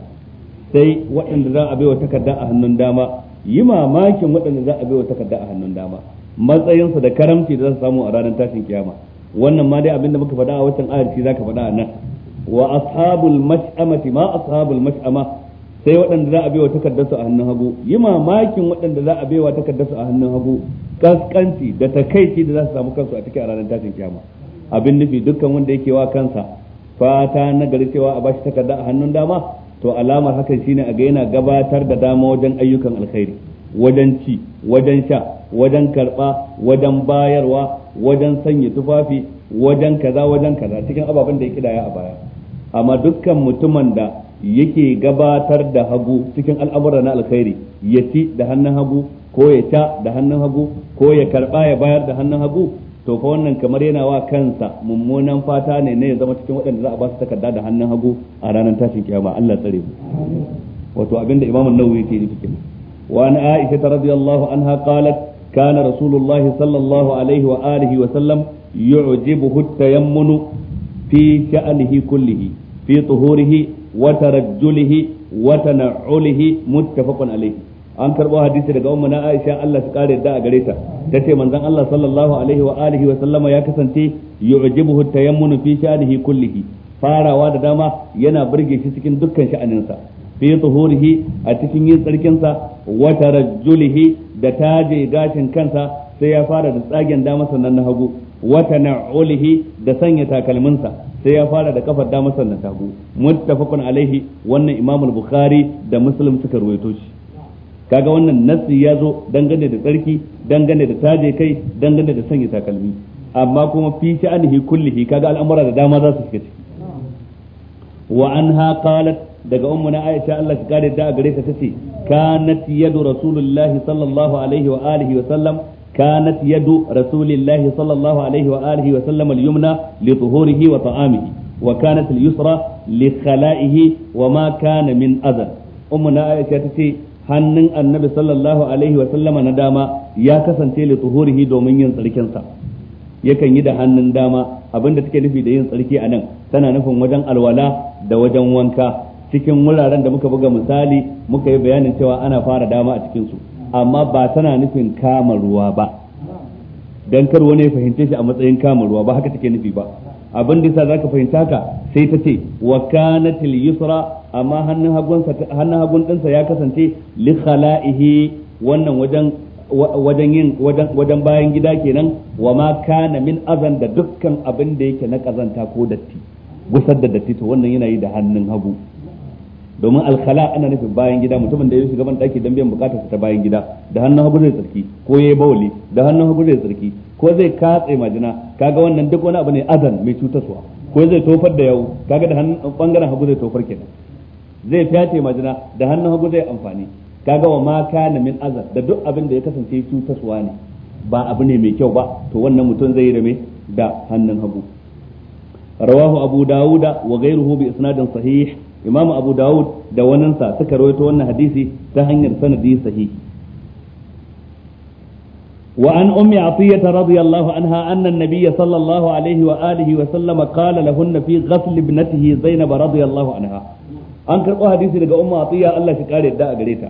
sai waɗanda za a baiwa takarda a hannun dama yi mamakin waɗanda za a baiwa takarda a hannun dama matsayinsa da karamci da za su samu a ranar tashin kiyama wannan ma dai abinda muka faɗa a wancan ayar shi a nan wa sai waɗanda za a baiwa takardarsu a hannun hagu yi mamakin waɗanda za a baiwa takardarsu a hannun hagu kaskanci da takaici da za su samu kansu a cikin ranar tashin kyama abin nufi dukkan wanda yake wa kansa fata na gari cewa a bashi takarda a hannun dama to alamar hakan shine a ga yana gabatar da dama wajen ayyukan alkhairi wajen ci wajen sha wajen karba wajen bayarwa wajen sanya tufafi wajen kaza wajen kaza cikin ababen da ya kidaya a baya amma dukkan mutumin da yake gabatar da hagu cikin al'amura na alkhairi ya ci da hannun hagu ko ya ta da hannun hagu ko ya karba ya bayar da hannun hagu to fa wannan kamar yana wa kansa mummunan fata ne ne ya zama cikin waɗanda za a ba su takarda da hannun hagu a ranar tashin kiyama Allah tsare mu wato abinda imamu nawawi yake nufi kenan wa an aisha radiyallahu anha qalat kana rasulullah sallallahu alaihi wa alihi wa sallam yu'jibuhu at-tayammunu fi sha'nihi kullihi fi tuhurihi wa tarajjulihi wa tana'ulihi muttafaqun alaihi an karbo hadisi daga ummu na Aisha Allah su kare da a gare ta ce manzon Allah sallallahu alaihi wa alihi wa sallama ya kasance yu'jibuhu yan fi sha'nihi kullihi farawa da dama yana burge shi cikin dukkan sha'aninsa fi tuhurihi a cikin yin tsarkinsa wa tarajjulihi da taje gashin kansa sai ya fara da tsagen dama sannan na hagu wa tana'ulihi da sanya takalminsa sai ya fara da kafar dama sannan ta hagu muttafaqun alaihi wannan imamul bukhari da muslim suka ruwaito shi kaga wannan nassi ya zo dangane da tsarki dangane da taje kai dangane da sanya takalmi amma kuma fi sha'anihi kullihi kaga al'amura da dama za su shiga ciki wa anha qalat daga ummu na Aisha Allah ta kare da gare ta tace kanat yadu rasulullahi sallallahu alaihi wa alihi wa sallam kanat yadu rasulillahi sallallahu alaihi wa alihi wa sallam al-yumna li tuhurihi wa ta'amihi wa kanat al-yusra li khala'ihi wa ma kana min adhan ummu na hannun annabi sallallahu alaihi wa sallama na dama ya kasance li tuhurihi domin yin tsarkinsa yakan yi da hannun dama abinda take nufi da yin tsarki a nan tana nufin wajen alwala da wajen wanka cikin wuraren da muka buga misali muka yi bayanin cewa ana fara dama a cikinsu amma ba tana nufin kama ruwa ba dan kar wani ya fahimce shi a matsayin kama ruwa ba haka take nufi ba abin da za ka fahimta ka sai ta ce wa kanatil yusra amma hannun hagun ɗinsa ya kasance li khala'ihi wannan wajen wajen yin wajen bayan gida kenan wa ma kana min azan da dukkan abin da yake na kazanta ko datti gusar da datti to wannan yana yi da hannun hagu domin alkhala ana nufin bayan gida mutumin da ya shiga ban daki dan biyan bukatar ta bayan gida da hannun hagu zai tsarki ko yayi bawli da hannun hagu zai tsarki ko zai katse majina kaga wannan duk wani abu ne azan mai cutarwa ko zai tofar da yau kaga da hannun bangaren hagu zai tofar kenan zai fiyace majina da hannun hagu zai amfani kaga wa ma kana min azan da duk abin da ya kasance cutarwa ne ba abu ne mai kyau ba to wannan mutum zai yi da me da hannun hagu rawahu abu dawuda wa ghayruhu bi isnadin sahih imamu abu dawud da waninsa suka rawaito wannan hadisi ta hanyar sanadi sahihi wa an ummi atiyah radiyallahu anha anna an-nabiy sallallahu alaihi wa alihi wa sallama qala lahunna fi ghasl ibnatihi zainab radiyallahu anha an karɓo hadisi daga umma atiyah Allah shi kare yadda a gare ta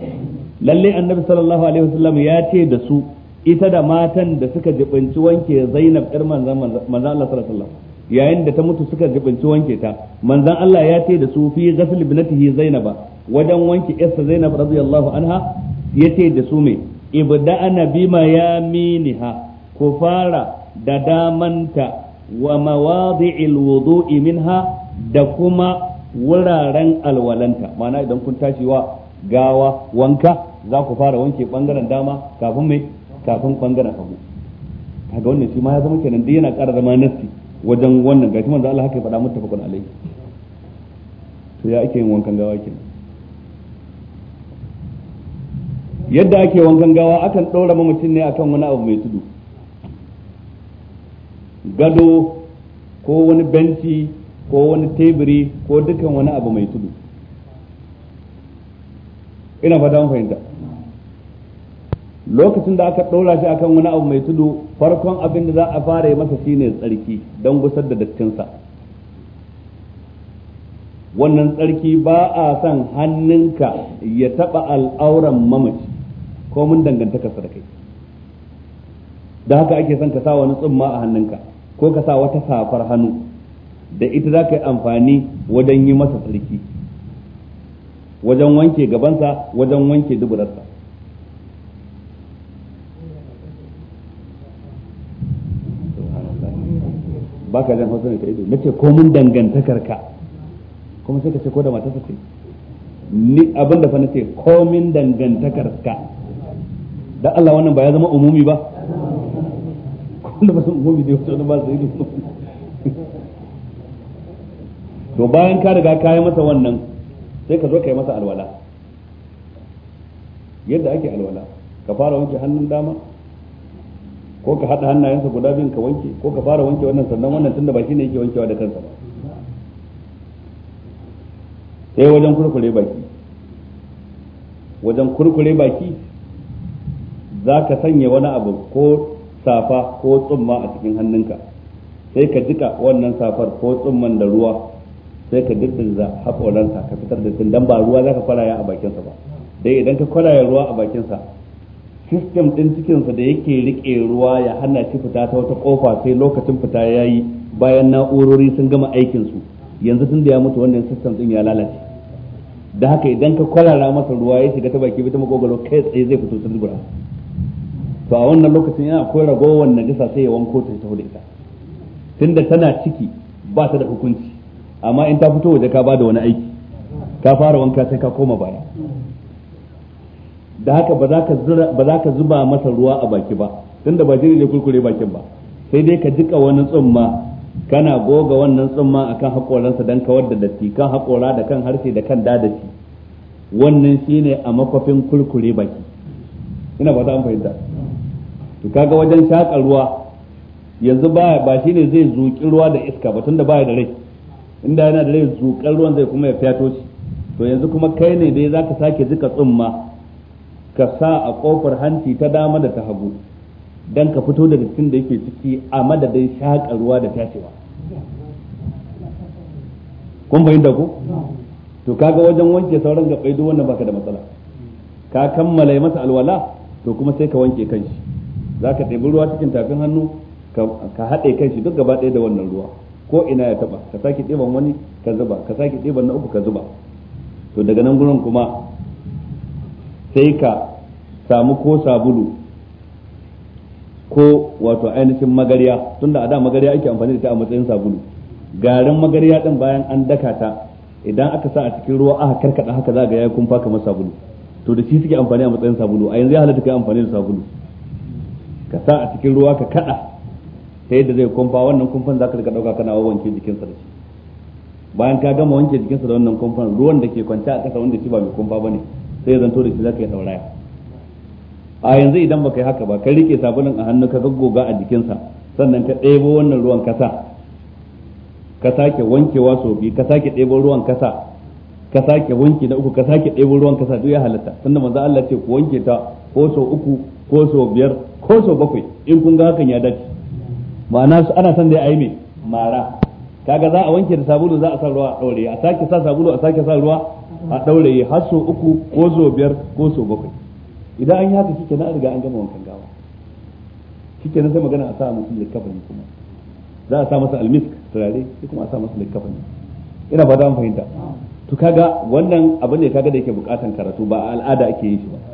lalle annabi sallallahu alaihi wa ya ce da su ita da matan da suka jibinci wanke zainab ɗar yayin da ta mutu suka gabanci wanke ta manzon Allah ya ce da su fi ghasl ibnatihi Zainab wajen wanke yarsa zainab radiyallahu anha yace da su me ibda'ana bima yaminiha ku fara da damanta wa mawadi'il wudu'i minha da kuma wuraren alwalanta ma'ana idan kun tashi wa gawa wanka za ku fara wanke bangaren dama kafin mai kafin bangaren hagu kaga wannan shi ma ya zama kenan yana kara zama nassi wajen wannan gashi manzo Allah haka ya faɗa muttafaqun alai to ya ake yin wankan gawa kenan yadda ake wankan gawa akan ɗora mamacin ne akan wani abu mai tudu gado ko wani benci ko wani teburi ko dukan wani abu mai tudu ina fata mun fahimta lokacin da aka ɗora shi akan wani abu mai tudu farkon abin da za a fara yi masa shine tsarki don gusar da dattinsa wannan tsarki ba a son hannunka ya taɓa al'auran mamaci ko mun dangantaka da kai da haka ake son ka sa wani tsumma a hannunka ko ka sa wata safar hannu da ita za ka yi amfani wajen yi masa tsarki wajen wanke gabansa wajen wanke duburarsa baka jan hausa ne ta ido nace ce mun dangantakar ka kuma sai ka ce ko da matarsa ce ni abin da fa na ce mun dangantakar ka da Allah wannan ba ya zama umumi ba kullum ba san umumi da wata ba zai to bayan ka riga ka yi masa wannan sai ka zo ka yi masa alwala yadda ake alwala ka fara wanke hannun dama ko ka haɗa hannayensa guda biyun ka wanke ko ka fara wanke wannan sannan wannan tunda ba ne yake wankewa da kansa ba sai wajen kurkure baki wajen kurkure baki za ka sanya wani abu ko safa ko tsumma a cikin hannunka sai ka jika wannan safar ko tsumman da ruwa sai ka diddirza haƙoransa ka fitar da tun don ba ruwa za ka kwalaya a bakinsa ba dai idan ka kwalaya ruwa a bakinsa sistem din cikinsa da yake rike ruwa ya hana shi fita ta wata kofa sai lokacin fita ya yi bayan na'urori sun gama aikinsu yanzu tun da ya mutu wannan sistem din ya lalace da haka idan ka kwalara masa ruwa ya shiga ta baki ta makogaro kai tsaye zai fito sun dubura to a wannan lokacin yana akwai ragowar najasa sai ya wanko ta taho ita tunda tana ciki ba ta da hukunci amma in ta fito waje ka bada wani aiki ka fara wanka sai ka koma baya da haka ba za ka zura ba za ka zuba masa ruwa a baki ba tunda ba jini ne kurkure bakin ba sai dai ka jika wani tsumma kana goga wannan tsumma akan hakoransa dan kawar da datti kan hakora da kan harshe da kan dadashi wannan shine a makwafin kurkure baki ina ba ta an fahimta to kaga wajen shaka ruwa yanzu ba ba shine zai zuki ruwa da iska ba tunda baya da rai inda yana da rai zuƙar ruwan zai kuma ya fiyato shi to yanzu kuma kai ne dai zaka sake jika tsumma ka sa a kofar hanci ta dama da ta hagu don ka fito daga cikin da yake ciki a madadin shaƙa ruwa da tashewa kun fahimta ko to kaga wajen wanke sauran gabai duk wannan baka da matsala ka kammala masa alwala to kuma sai ka wanke kanshi za ka ɗebi ruwa cikin tafin hannu ka haɗe kanshi duk gaba ɗaya da wannan ruwa ko ina ya taɓa ka sake ɗiban wani ka zuba ka sake ɗiban na uku ka zuba to daga nan gurin kuma sai ka samu ko sabulu ko wato ainihin magarya tunda a da magarya ake amfani da ta a matsayin sabulu garin magarya din bayan an daka ta idan aka sa a cikin ruwa aka karkada haka za ga yayi kumfa masa sabulu to da shi suke amfani a matsayin sabulu a yanzu ya halatta kai amfani da sabulu ka sa a cikin ruwa ka kada ta yadda zai kumfa wannan kumfan zaka riga dauka kana wanke jikinsa da shi bayan ka gama wanke jikinsa da wannan kumfan ruwan da ke kwanta a kasa wanda shi ba mai kumfa bane sai ya zanto da shi zaka yi tauraya a yanzu idan baka yi haka ba ka rike sabulun a hannu ka gaggoga a jikinsa sannan ka ɗebo wannan ruwan kasa ka sake wankewa sau biyu ka sake ɗebo ruwan kasa ka sake wanke na uku ka sake ɗebo ruwan kasa duk ya halatta tunda manzo Allah ce ku wanke ta ko sau uku ko sau biyar ko sau bakwai in kun ga hakan ya dace ma'ana ana son da ya aime mara kaga za a wanke da sabulu za a sa ruwa a daure a sake sa sabulu a sake sa ruwa a daure ya so uku ko so biyar ko so bakwai idan an yi haka kike na riga an gama wankan gawa kike na sai magana a sa musu likafani kuma za a sa masa almisk turare sai kuma a sa masa likafani ina ba an fahimta to kaga wannan abin da kaga da yake bukatan karatu ba al'ada ake yin shi ba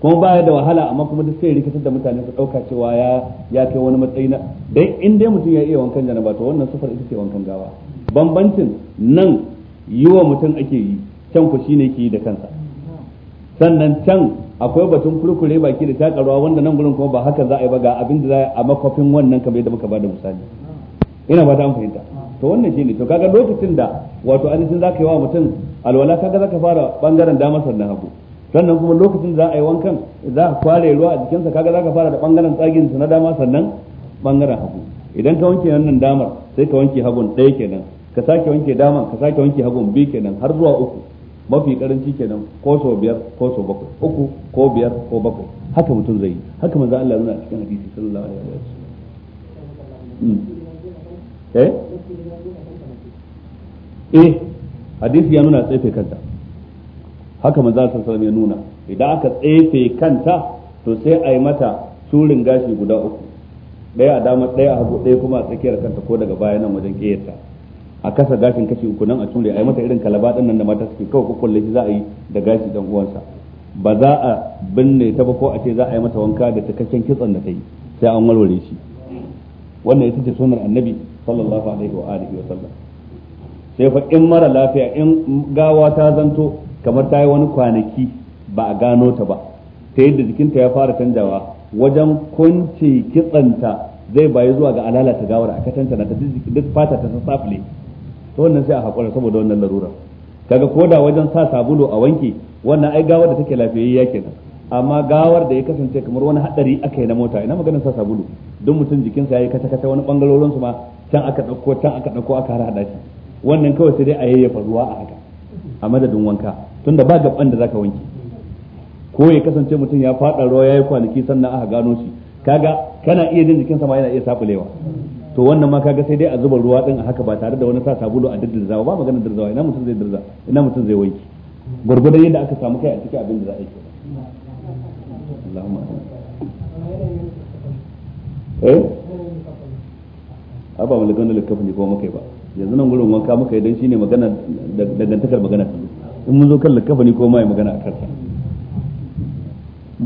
kuma baya da wahala amma kuma duk sai rikitar da mutane su dauka cewa ya ya kai wani matsayi na dan in dai mutum ya iya wankan janaba to wannan sufar ita ce wankan gawa bambancin nan yiwa wa mutum ake yi can ku shine ke yi da kansa sannan can akwai batun kurkure baki da takarwa wanda nan gurin kuma ba haka za a yi ba ga abin da za a makofin wannan kamar yadda muka bada misali ina ba ta an fahimta to wannan shine to kaga lokacin da wato ainihin zaka yi wa mutum alwala kaga zaka fara bangaren damar sannan hagu sannan kuma lokacin za a yi wankan za a kware ruwa a jikinsa kaga za ka fara da bangaren tsagin sa na dama sannan bangaren hagu idan ka wanke wannan damar sai ka wanke hagun ɗaya kenan ka sake wanke daman ka sake wanke hagun biyu kenan har zuwa uku mafi karanci kenan ko sau biyar ko sau bakwai uku ko biyar ko bakwai haka mutum zai yi haka manzo Allah nuna a cikin hadisi sallallahu alaihi wa sallam. Hmm. Eh? eh hadisi ya nuna tsefe kanta haka manzo sallallahu ya nuna idan aka tsefe kanta to sai a yi mata surin gashi guda uku daya a dama daya a hagu daya kuma a tsakiyar kanta ko daga baya nan wajen kiyarta a kasa gashin kashi uku nan a cure a yi mata irin kalaba din nan da mata suke kawai kokulle shi za a yi da gashi dan uwansa ba za a binne ta ba ko a ce za a yi mata wanka da cikakken kitson da ta yi sai an warware shi wannan ita ce sunan annabi sallallahu alaihi wa alihi wa sallam sai fa in mara lafiya in gawa ta zanto kamar ta yi wani kwanaki ba a gano ta ba ta yadda jikinta ya fara canjawa wajen kunce kitsanta zai bayi zuwa ga alalata gawar a katanta na ta duk fata ta sassafle to wannan sai a haƙura saboda wannan larura kaga koda wajen sa sabulu a wanke wannan ai gawar da take lafiyayya kenan amma gawar da ya kasance kamar wani hadari aka yi na mota ina maganin sa sabulu don mutum jikinsa ya yi kata kata wani bangarorin su ma can aka dauko can aka dauko aka har hada shi wannan kawai sai dai a yayyafa ruwa a haka a madadin wanka tunda ba gaban da zaka wanke ko ya kasance mutum ya fada ruwa yayi kwanaki sannan aka gano shi kaga kana iya jin jikin sama yana iya sabulewa to wannan ma kaga sai dai a zuba ruwa din a haka ba tare da wani sa sabulu a dirzawa ba magana dirzawa ina mutum zai dirza ina mutum zai wanki gurgurdan yadda aka samu kai a cikin abin da za a yi Allahumma eh aba mu ligan da ko muka ba yanzu nan gurin wanka muka yi don shine magana dangantakar magana ta in mun zo kan likafani ko mai magana akan sa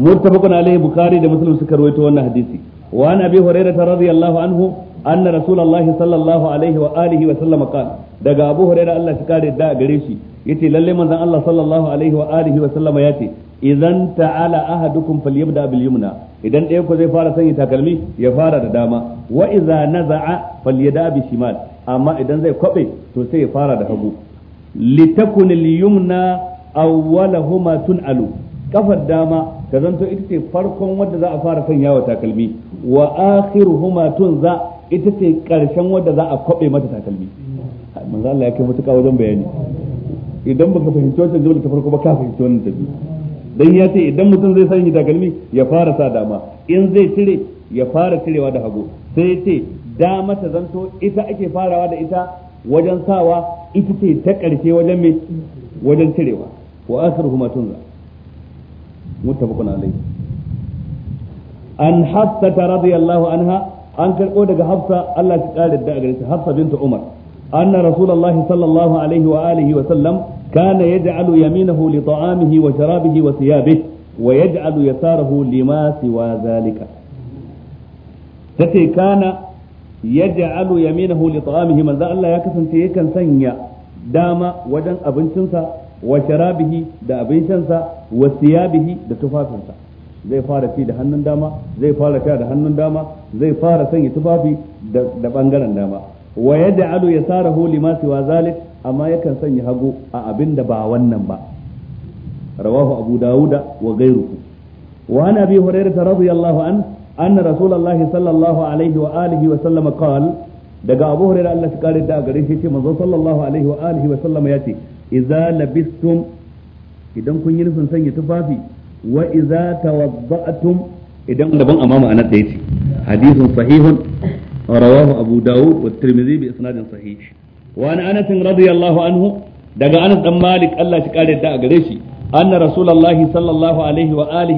muttafaqun alaihi bukhari da muslim suka rawaito wannan hadisi wa an abi hurairah radiyallahu anhu anna rasulullahi sallallahu alaihi wa alihi wa sallam qala daga abu hurairah Allah ya kare da gare shi yace lalle manzon Allah sallallahu alaihi wa alihi wa sallama yace idan ta'ala ahadukum falyabda bil yumna idan ɗaya ku zai fara sanya takalmi ya fara da dama wa idza naza'a falyada bi shimal amma idan zai kwabe to sai ya fara da hagu litakun al-yumna awwalahuma tun'alu kafar dama ta zanto ita ce farkon wadda za a fara sanya wa takalmi wa akhiruhuma tunza ita ce karshen wadda za a kwabe mata takalmi manzo Allah ya kai mutuka wajen bayani idan baka fahimci wannan jumla ta farko ba ka fahimci wannan ta biyu dan ya ce idan mutum zai sanya takalmi ya fara sa dama in zai cire ya fara cirewa da hagu sai ya ce dama ta zanto ita ake farawa da ita wajen sawa ita ce ta ƙarshe wajen mai wajen cirewa wa akhiruhu ma tunza muttafaqun alayhi an hafsa radiyallahu anha an karɓo daga hafsa Allah ta kare da gare ta hafsa binta umar anna rasulullahi sallallahu alaihi wa alihi wa sallam kana yaj'alu yaminahu li ta'amihi wa sharabihi wa thiyabihi wa yaj'alu yasarahu lima siwa zalika tace kana yaj'alu yaminahu li ta'amihi manzo Allah ya kasance yakan sanya dama wajen abincinsa wa sharabihi da abincinsa shansa wa siyabihi da tufafinsa zai fara ci da hannun dama zai fara sha da hannun dama zai fara sanya tufafi da bangaren dama wa yaj'alu yasarahu lima siwa zalik amma yakan sanya hagu a abin da ba wannan ba rawahu abu dawuda wa ghayruhu wa an abi hurairah radiyallahu anhu anna rasulullahi sallallahu alaihi wa alihi wa sallama qala daga abu hurairah Allah ya kare gare shi ce sallallahu alaihi wa wa sallama yace idza labistum idan kun yi nufin sanya tufafi wa idza tawadda'tum idan daban amma ma'anar da yace hadithun sahihun rawahu abu dawud wa tirmidhi bi isnadin sahih wa an anas radiyallahu anhu daga anas dan malik Allah ya kare da gare shi anna rasulullahi sallallahu alaihi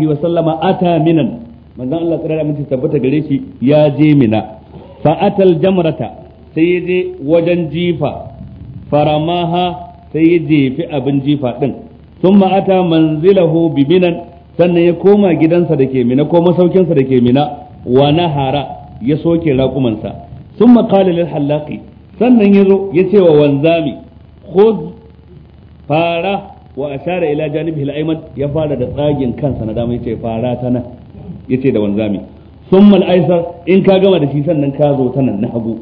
wa sallama minan manzon Allah tsara aminci tabbata gare shi ya je mina fa'atal atal jamrata sai ya je wajen jifa faramaha sai ya jefi abin jifa din sun ma'ata manzilahu bi minan sannan ya koma gidansa da ke mina ko masaukinsa da ke mina wa nahara ya soke raƙumansa sun qala lil hallaqi sannan ya zo ya ce wa wanzami khudh fara wa ashara ila janibihi al ya fara da tsagin kansa na dama ce fara ta nan Ya ce da wanzami summa al in ka gama da shi sannan ka zo ta nan na hagu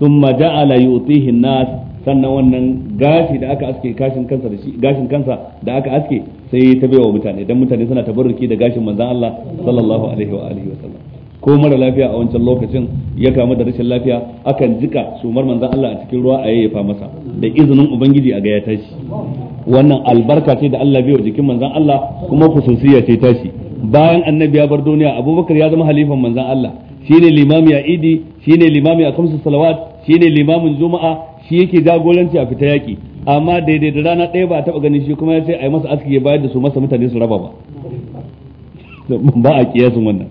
summa ja'ala yutihi an-nas sannan wannan gashi da aka aske gashin kansa da shi gashin kansa da aka aske sai ta baiwa mutane dan mutane suna tabarruki da gashin manzon Allah sallallahu alaihi wa alihi wa sallam ko mara lafiya a wancan lokacin ya kamu da rashin lafiya akan jika sumar manzon Allah a cikin ruwa a yayyafa masa da izinin ubangiji a ga ya tashi wannan albarka ce da Allah bai wa jikin manzon Allah kuma khususiyya ce tashi bayan annabi ya bar duniya abubakar ya zama halifan manzan Allah shi ne limami a idi shi ne limami a kamsu salawat shi ne limamin juma'a shi yake jagoranci a fita yaki amma daidai da rana ɗaya ba a taɓa ganin shi kuma ya ce a yi masa aski ya bayar da su masa mutane su raba ba ba a kiyasin wannan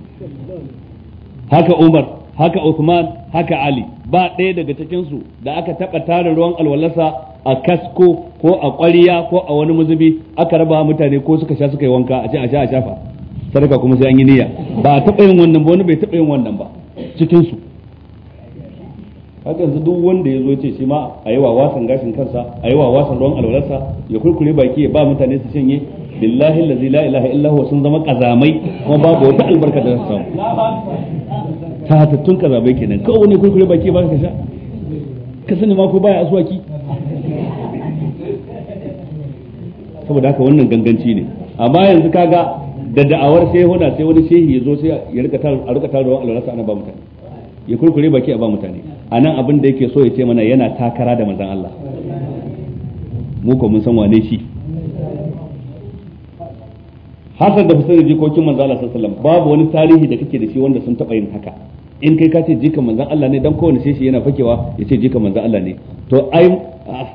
haka umar haka usman haka ali ba ɗaya daga cikin su da aka taɓa tara ruwan alwalasa a kasko ko a ƙwariya ko a wani mazubi aka raba mutane ko suka sha suka yi wanka a ce a sha a shafa sadaka kuma sai an yi niyya ba a taɓa yin wannan ba wani bai taɓa yin wannan ba cikin su haka yanzu duk wanda ya zo ce shi ma a yi wa wasan gashin kansa a yi wa wasan ruwan alwalarsa ya kurkure baki ya ba mutane su shanye billahi allazi la ilaha illa huwa sun zama kazamai kuma babu wata albarka da samu ta hatattun kazamai kenan kawai wani kurkure baki ba ka sha ka sani ma ko baya aswaki saboda haka wannan ganganci ne amma yanzu kaga da da'awar sai huna sai wani shehi ya zo sai ya rika tar a rika tarowa alwarasa ana ba mutane ya kurkure baki a ba mutane anan abin da yake so ya ce mana yana takara da manzon Allah mu ko mun san wane shi hasan da fusa da jikokin manzon Allah sallallahu alaihi wasallam babu wani tarihi da kake da shi wanda sun taba yin haka in kai ka ce jikan manzon Allah ne dan kowane sheshi yana fakewa ya ce jikan manzon Allah ne to ai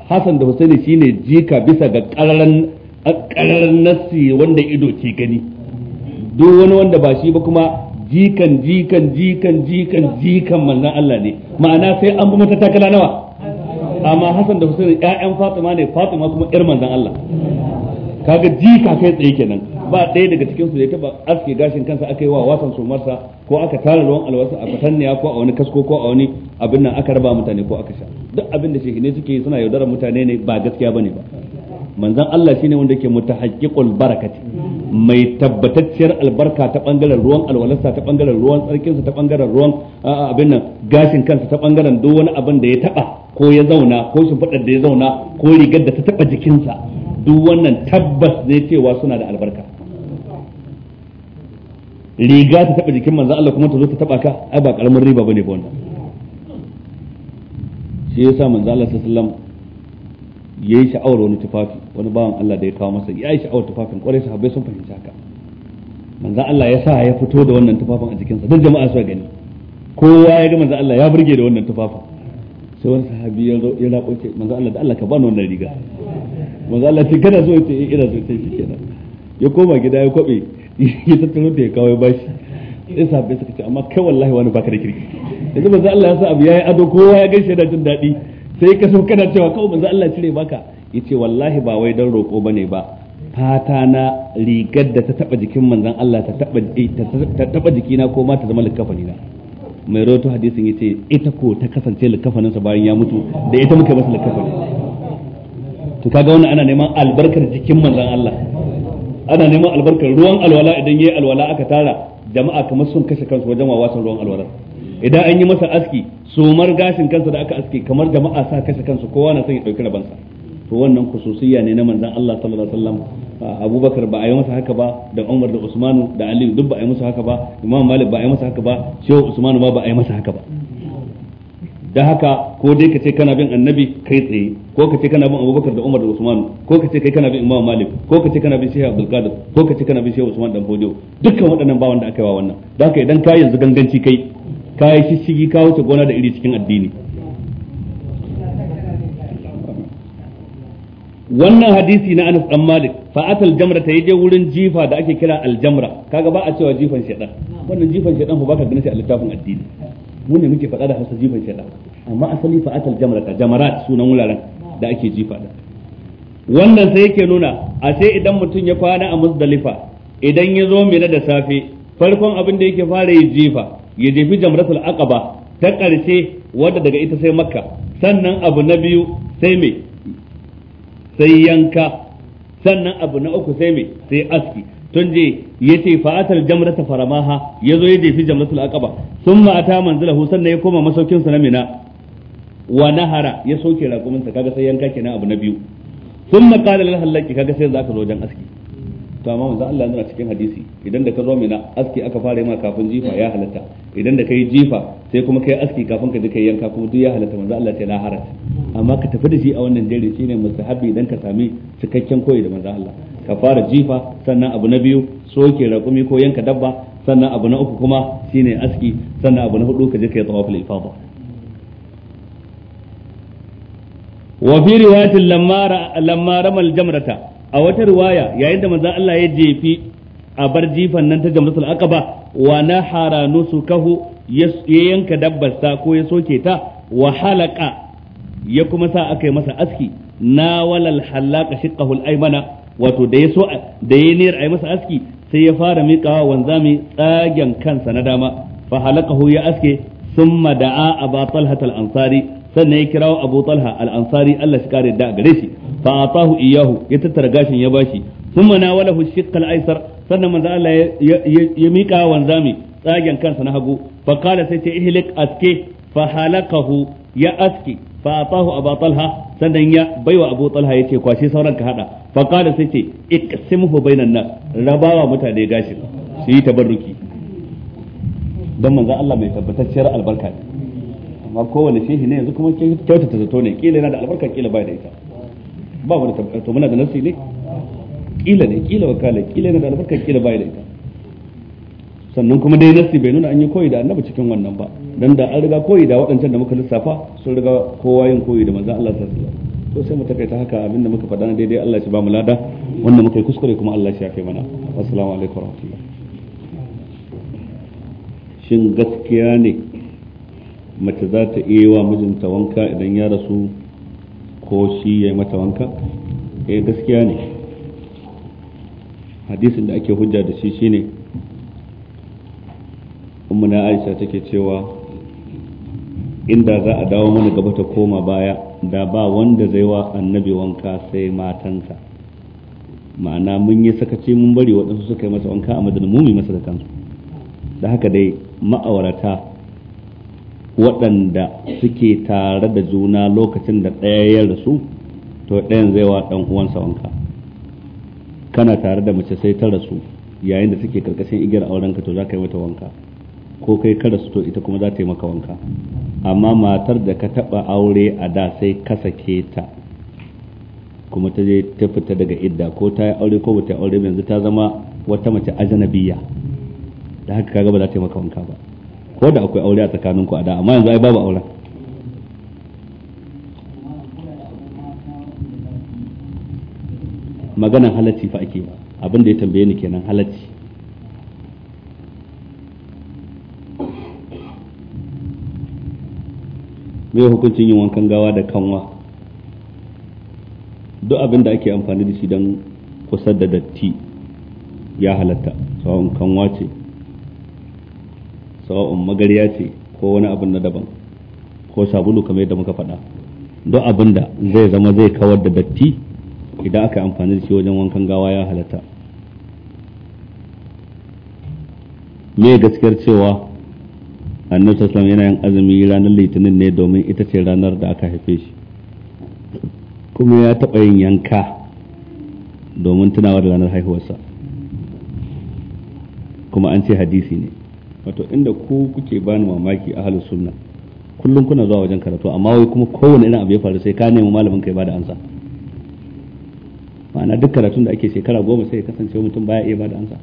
hasan da Husaini shine jika bisa ga kararan kararan nasi wanda ido ke gani duk wani wanda ba shi ba kuma jikan jikan jikan jikan jikan manzan Allah ne ma'ana sai an bi mata takala nawa amma Hassan da Hussein ƴaƴan Fatima ne Fatima kuma ƴar manzan Allah kaga jika kai tsaye kenan ba ɗaya daga cikin su da ba aske gashin kansa aka yi wa wasan sumarsa ko aka tara ruwan alwasa a fatanniya ko a wani kasko ko a wani abin nan aka raba mutane ko aka sha duk abin da shehine suke suna yaudarar mutane ne ba gaskiya bane ba Manzan Allah shine wanda mutu mutahaqqiqul barakati mai tabbatacciyar albarka ta bangaren ruwan alwalarsa ta bangaren ruwan tsarkinsa ta bangaren ruwan abin nan gashin kansa ta bangaren duk wani abin da ya taba ko ya zauna ko shimfiɗar da ya zauna ko rigar da ta taba jikinsa duk wannan tabbas zai cewa suna da albarka riga ta taba jikin manzan Allah kuma ta zo ta taba ka ai ba karamin riba bane ba wannan shi yasa manzan Allah sallallahu alaihi wasallam ya yi sha'awar wani tufafi wani bawan Allah da ya kawo masa ya yi sha'awar tufafin kwarai sahabbai sun fahimci haka manzo Allah ya sa ya fito da wannan tufafin a jikinsa don jama'a su gani kowa ya ga manzo Allah ya burge da wannan tufafin sai wani sahabi ya zo ya rako ce manzo Allah da Allah ka bani wannan riga manzo Allah ce kana zo ya ce eh, ina zo ce kenan ya koma gida ya kwabe ya tattaro da ya kawo ya bashi sai sahabbai suka ce amma kai wallahi wani baka da kirki yanzu manzo Allah ya sa abu yayi ado kowa ya gaishe da jin daɗi sai ka so kana cewa kawai manzo Allah cire maka yace wallahi ba wai dan roƙo bane ba fata na rigar da ta taba jikin manzon Allah ta taba eh, ta taba jikina ko ma ta zama likafani na mai rawato hadisin yace ita ko ta kasance likafanin sa bayan ya mutu da ita muke masa likafani to kaga wannan ana neman albarkar jikin manzon Allah ana neman albarkar ruwan alwala idan yayi alwala aka tara jama'a kamar sun kashe kansu wajen wawasan ruwan alwalar idan an yi masa aski sumar gashin kansa da aka aske kamar jama'a sa kashe kansu kowa na son ya dauki rabansa to wannan kususiyya ne na manzan Allah sallallahu alaihi wasallam ah, Abubakar ba a yi masa haka ba da Umar da Usmanu da Ali duk ba a yi masa haka ba Imam Malik ba a yi masa haka ba Shehu Usmanu ba ba a yi masa haka ba da haka ko dai ka ce kana bin annabi kai tsaye ko ka ce kana bin abubakar da umar da usman ko ka ce kai kana bin imam malik ko ka ce kana bin shehu abdul qadir ko ka ce kana bin shehu usman dan bojo dukkan waɗannan ba wanda aka yi wa wannan da haka idan ka yanzu ganganci kai ka yi shishigi ka wuce gona da iri cikin addini wannan hadisi na Anas dan Malik fa atal jamra ta yaje wurin jifa da ake kira aljamra kaga ba a cewa jifan shedan wannan jifan shedan fa baka gane shi a littafin addini mun ne muke faɗa da Hausa jifan shedan amma asali fa atal jamra ta jamarat sunan wuraren da ake jifa da wannan sai yake nuna a sai idan mutum ya kwana a Muzdalifa idan ya zo Mina da safe farkon abin da yake fara yi jifa ya jefi jamratul aqaba ta ƙarshe wadda daga ita sai makka sannan abu na biyu sai me sai yanka sannan abu na uku sai me sai aski tun je ya ce fa'atar jamrata faramaha ya zo ya jefi jamratul aqaba sun ma'ata manzilahu sannan ya koma masaukinsa na mina wa nahara ya soke raƙuminsa kaga sai yanka kenan abu na biyu sun maƙalar halaki kaga sai za ka zo wajen aski to amma manzo Allah yana cikin hadisi idan da ka zo mina aski aka fara yi ma kafin jifa ya halatta idan da kai jifa sai kuma kai aski kafin ka je kai yanka kuma duk ya halatta manzo Allah ce la haraj amma ka tafi da shi a wannan jeri shine mustahabi idan ka sami cikakken koyi da manzo Allah ka fara jifa sannan abu na biyu soke raƙumi ko yanka dabba sannan abu na uku kuma shine aski sannan abu na hudu ka je kai tawaful ifada wa fi riwayatin lamma lamma ramal jamrata a wata riwaya yayin da manzon Allah ya jefi a bar jifan nan ta jamratul aqaba wa nahara nusukahu ya yanka dabbarsa ko ya soke ta wa halaka ya kuma sa aka yi masa aski na walal halaka shiqqahu al-aymana wato da ya so da ya niyar ayi masa aski sai ya fara miƙawa wanzami tsagen kansa na dama fa halakahu ya aske summa da'a a talhat ansari sannan ya kirawo Abu Talha al-Ansari Allah shi kare da gare shi fa atahu iyahu ya tattara gashin ya bashi thumma nawalahu shiqqal aysar sannan manzo Allah ya mika wanzami tsagen kansa na hagu fa qala sai ta ihlik aske fa halakahu ya aske fa atahu Abu Talha sannan ya baiwa Abu Talha ce kwashe sauran ka hada fa qala sai ce iqsimhu bainan nas rabawa mutane gashin su yi tabarruki dan manzo Allah mai tabbatacciyar albarka ne amma kowane shehi ne yanzu kuma kyautata zato ne kila yana da albarka kila bai da ita ba wani tabbata to muna da nasi ne kila ne kila wakala kila yana da albarka kila bai da ita sannan kuma dai nasi bai nuna an yi koyi da annabi cikin wannan ba dan da an riga koyi da waɗancan da muka lissafa sun riga kowa yin koyi da manzon Allah sallallahu alaihi wasallam to sai mu takaita haka abinda muka faɗa na daidai Allah shi ba mu lada wanda muka yi kuskure kuma Allah shi ya kai mana assalamu alaikum warahmatullahi shin gaskiya ne mace za ta iya wa mijinta wanka idan ya rasu ko shi ya yi mata wanka eh gaskiya ne hadisin da ake hujja da shi shine ummuna aisha take cewa inda za a dawo mana gaba ta koma baya da ba wanda zai wa annabi wanka sai matansa ma'ana mun yi sakaci mun bari waɗansu suka yi masa wanka a madina mu masa da kansu da haka dai ma'aurata waɗanda suke tare da juna lokacin da ɗaya ya rasu to ɗayan zai wa ɗan uwansa wanka kana tare da mace sai ta rasu yayin da suke karkashin igiyar aurenka to za ka yi mata wanka ko kai ka rasu to ita kuma za ta yi maka wanka amma matar da ka taɓa aure a da sai ka sake ta kuma ta je ta fita daga idda ko ta yi aure ko bata yi aure yanzu ta zama wata mace ajanabiya da haka kaga ba za ta yi maka wanka ba ko da akwai aure a tsakaninku a da amma yanzu ai babu auren maganan halacci fa ake abin da ya tambaye ni kenan halacci me hukuncin yin wankan gawa da kanwa duk abin da ake amfani da shi don kusa da datti ya halatta tsawon kanwa ce sawa'un magariya ce ko wani abin na daban ko sabulu kamar yadda muka faɗa don abin da zai zama zai kawar da datti idan aka yi amfani da shi wajen wankan gawa ya halatta me gaskiyar cewa annabi sallallahu yana yin azumi ranar litinin ne domin ita ce ranar da aka haife shi kuma ya taɓa yin yanka domin tunawa da ranar haihuwarsa kuma an ce hadisi ne wato inda ku kuke bani mamaki a halin sunna kullum kuna zuwa wajen karatu amma wai kuma kowane irin abu ya faru sai ka nemi malamin kai bada ansa ma'ana duk karatun da ake shekara goma sai ya kasance mutum baya iya bada ansa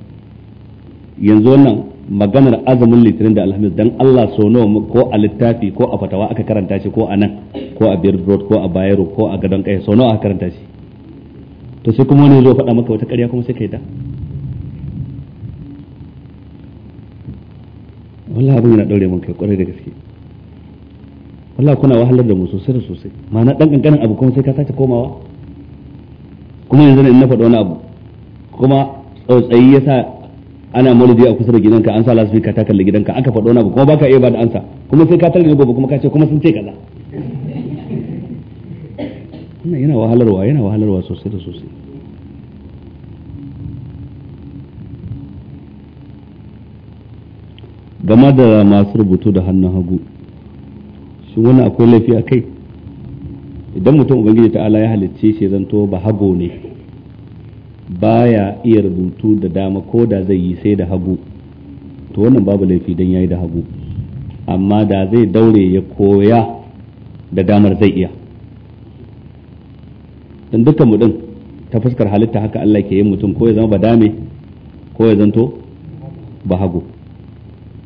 yanzu wannan maganar azumin litinin da alhamis dan Allah so nawa ko a littafi ko a fatawa aka karanta shi ko a nan ko a beard road ko a bayero ko a gadon kai so nawa aka karanta shi to sai kuma wani zo faɗa maka wata ƙarya kuma sai ka yi da wallahi abin yana daure mun kai kwarai da gaske wallahi kuna wahalar da mu sosai da sosai ma'ana dan kankanin abu kuma sai ka sake komawa kuma yanzu in na faɗa wani abu kuma tsautsayi ya sa ana maulidi a kusa da gidanka an sa lasfika ta kalli gidanka aka faɗa wani abu kuma baka iya ba da ansa kuma sai ka tare da gobe kuma ka ce kuma sun ce kaza wannan yana wahalarwa yana wahalarwa sosai da sosai game da masu rubutu da hannun hagu shi wani akwai laifi a kai idan mutum ubangiji ala ya halicce shi zanto ba hago ne baya iya rubutu da dama ko da zai yi sai da hagu to wannan babu laifi don yayi da hagu amma da zai daure ya koya da damar zai iya dan dukkan mu din ta fuskar halitta haka Allah ke yin mutum ko ya zama ba dame ko ya zanto ba hagu